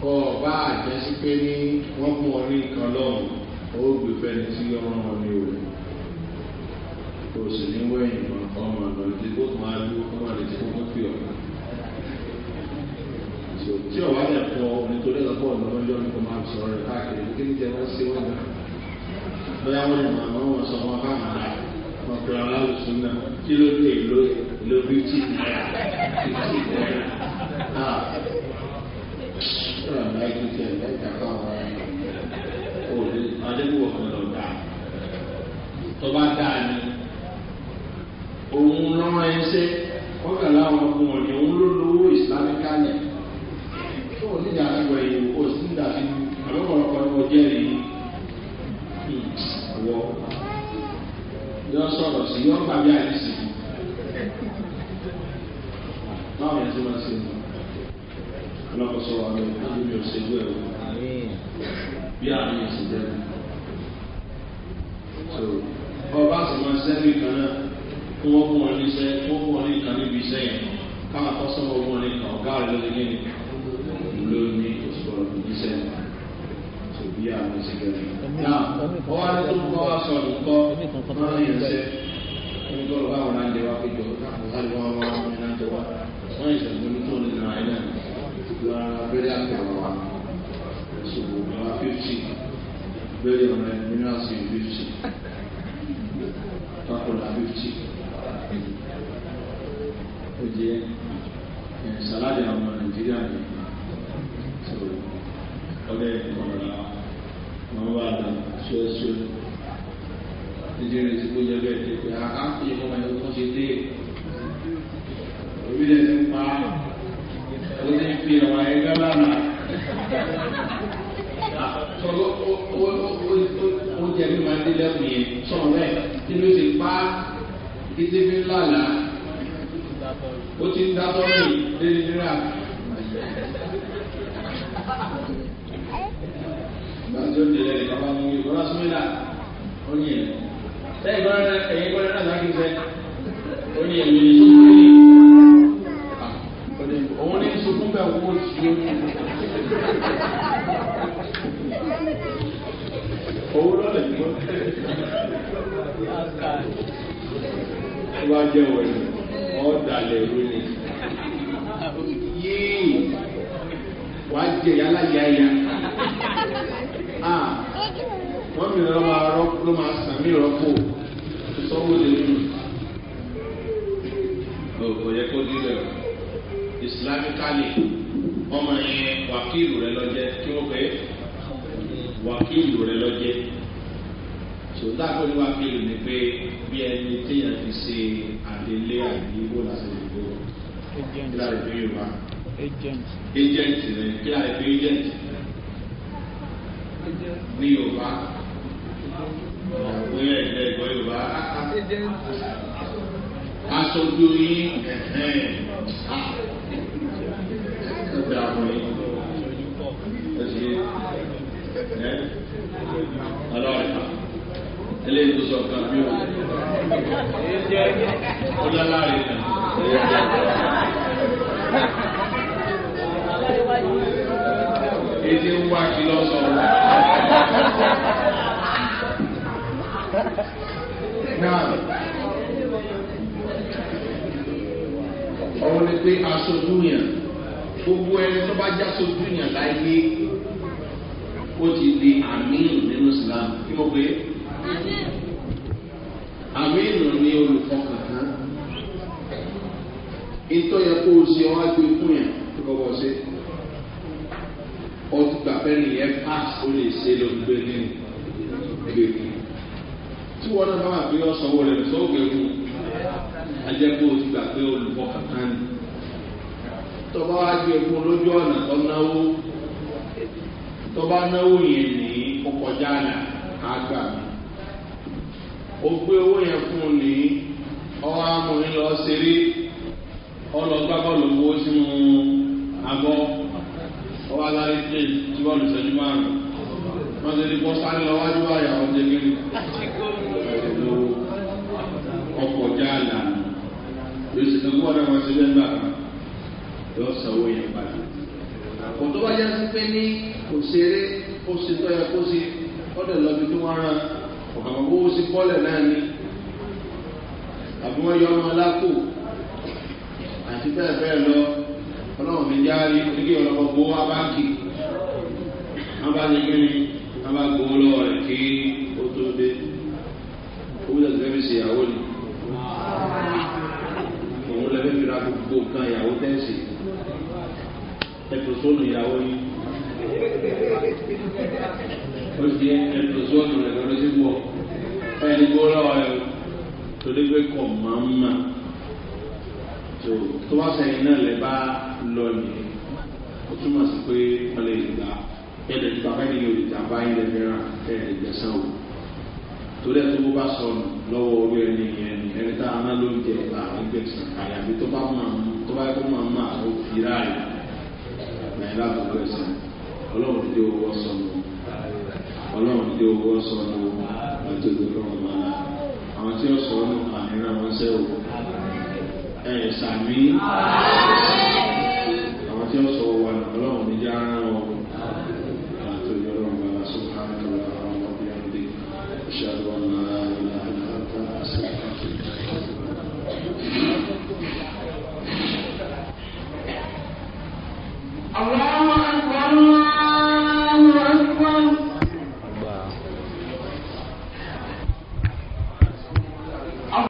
bọ́ ọ bá àjẹsí pé ní wọ́n mú ọ ní nǹkan lọ́rùn ó gbé fẹ́ni tí ọ̀ràn wọn ní òwe kò sì ní wẹ̀yìn mọ́ ọmọ ọ̀nà tí ó máa dúró fún wọn létí kókó fi ọ̀ tí ọ̀wá lẹ̀ pọ̀ nítorí ọ̀pọ̀ ọ̀nà ọjọ́ ní kò máa sọ̀rọ̀ rẹ̀ káàkiri kí ní jẹ́ wọ́n sí wọn náà bóyá wọ́n yàn máa wọ́n sọ wọn káwọn náà wọn pẹ̀lú aláwùsùn náà kí ló dé ìlú ìlú bíútì náà bíútì náà sure I'm making it make a call right. Oh, adébúwò kan lọ dà. Tó bá dà ní. Òun lọ́rọ̀ ẹ ṣe. Wọ́n kà láwọn ọkùnrin ní òun ló lówó Islamic kánẹ̀. Tó o níjà àgbà yìí o sì ń dàbí àlọ́kọ̀ọ́kọ́ kó sọ wa lórí káwọn mi ò ṣe gbé ẹ̀rọ bí àárín ẹ̀sìn dẹ́nu. ọba sì máa ṣiṣẹ́ bí kan náà kí wọ́n fún wọn níṣẹ́ kí wọ́n fún wọn ní nǹkan níbi iṣẹ́ yẹn káwọn akọ́sọ́mọ fún wọn ní nǹkan ọ̀gá rẹ̀ lórí kí ni ló ní òṣùwọ̀n níṣẹ́ bí àárín ẹ̀sìn dẹ́nu. náà wọ́n wá ní tó kọ́ wá sọ olùkọ́ máa ń yẹn ṣe ẹni tó lọ bá wọn láǹdẹ̀ wá pé jọ láwọn sáré wọn wá wọn láǹdẹ̀ wá wọ́n ìṣẹ̀lẹ̀ la abẹ́rẹ́ àtẹ̀wọ̀ wa ẹ̀sùn la fífì abẹ́rẹ́ ọ̀rẹ́ mineral sí fífì pákọ̀lá fífì ó jẹ́ sàládì àwọn nàìjíríà ní ọ̀rẹ́ ìkọ̀lá wọn bá dà ṣẹ́ṣẹ́ nítorí tí kò jẹ́ bẹ́ẹ̀ tẹ̀ pé àkáǹtì ìfọ̀mọ̀ ẹ̀kọ́ ṣe dé orílẹ̀-èdè ń pa á ó ti fi ẹ̀wà ẹgbẹ́ lánàá. Sọ̀rọ̀ ó jẹ́ bí máa dé lẹ́kùn yẹn sọ̀rọ̀ bẹ́ẹ̀ kí ló ti pa títí fi lálà ó ti ń dátọ́ ní lórí rírà. Gbàdúrà ìdílé rẹ̀ kọ́ bá mú ìbúra súnmílà ó ní ẹ̀. Sẹ́yìn bọ́lá ẹ̀yìn bọ́lá náà lágbèsè ó ní ẹ̀mí ní sùkúrú yìí nígbà wo sí owó lọ́dọ̀ yìí wọ́n wá jẹ yálà yáyà wọ́n mi lọ́ máa sàn mí rọ́pò sọ́wọ́ lè islamically ọmọ yẹn wàkìlù rẹ lọ́jẹ́ kí wọ́n pè é wàkìlù rẹ lọ́jẹ́ sòtá pé wàkìlù ni pé bí ẹni téèyàn fi ṣe àdélé àbí wò láti lè gbó kí láti fi yorùbá agent rẹ kí láti fi agent rẹ ní yorùbá ìyàwó yẹn ìgbẹ́ ìgbọ́ yorùbá aṣojú yín ẹ̀hẹ́n. Ah da fún yín ó sì ẹ́ ọlọ́ọ̀ta eléyìí tó sọ kan bí òun ó láláre kan. Èdè ń wá kí lọ́sọ̀ọ́. Náà. ọ̀rọ̀ ni pé aṣojú yẹn gbogbo ẹni tó bá já sójú yàn láyé ó ti di àmín nínú islam kí mo pé àmín ni olùfọkàntán ìtọ́ yẹ kó o ṣe ọ́ agbe fún yàn tó kọ́ bọ́ ṣe ọtún gbàgbẹ́ nìyẹn pass ó lè ṣe lọ́gbẹ́ nínú ẹgbẹ́ mi tí wọn náà bá wà pé ọ̀sán wọlé lọ́sọ̀ọ́gbẹ́ fún ajẹ́kọ̀ọ́ ti gbà pé olùfọkàntán ni tọba wá ju egun lójú ọ̀nà tó náwó tọba náwó yẹn ní ọkọjá àlà àgbà ó gbé owó yẹn fún un ní ọwọ́ amòrin lọ ṣeré ọlọ́gbá bọ́ọ̀lù owó sínú abọ́ ọwọ́ alárí pé tí bọ́ọ̀lù ìṣẹ́jú márùn-ún wọ́n ti di bọ́sálẹ̀ lọ́wọ́jú àyàwó jẹ́gẹ́ ní ọkọjá àlà lóṣìṣẹ́ gbọ́dọ̀ wọn ṣe bẹ́ẹ̀ bàbá yọ sanwó yẹn padà òtò wáyé sí pé ní òṣèré ó ṣe tó yẹ kó ṣe ọdẹ lọbi tó wọn rán ọkàn kó ó ṣe bọ́lẹ̀ náà ni àbí wọn yọ ọmọ lápò àti bẹ́ẹ̀ bẹ́ẹ̀ lọ ọlọ́run mi já rí oníkì ọlọ́kọ̀ gbowó abáǹkì abáǹkì ni abáǹkì lọ́wọ́ rẹ̀ kí ó tó dé owó tẹ̀sí fẹ́ ṣe ìyàwó ni òun lẹ́fẹ́ fi ra gbogbo nǹkan ìyàwó tẹ̀sí ẹtùsọ́nù ìyàwó yìí ó di ẹtùsọ́nù rẹ̀ lọ́dọ́ sí wọ̀ ẹni gbọ́dọ̀ ẹ̀ torí pé kọ̀ máa ń mà tó tó wá sẹ́yìn náà lẹ́ bá lọ nìyẹn ó túmọ̀ sí pé wọ́n lè gbà ẹ̀ẹ́dẹ̀ nípa báyìí yóò lè ta báyìí lẹ́ mìíràn ẹ̀ẹ́dẹ̀ gbẹ̀sán o torí ẹ̀ tó bó bá sọnù lọ́wọ́ orí ẹni yẹn ni ẹni tá ah, a ná ló ń jẹ àárín gbẹ̀sán àyàfi tó bá máa tó bá yẹ kó máa máa ó fi ẹ̀yìn láti ọ̀dọ́ ẹ̀sìn ọlọ́run ti dé owó sọnù ọlọ́run ti dé owó sọnù àti òdòdó ọmọ náà àwọn tí ó sọ ọ́nù àmì rẹ̀ wọ́n sẹ́ o ẹ̀ sàmí àwọn tí ó sọ wà ọlọ́run. Allah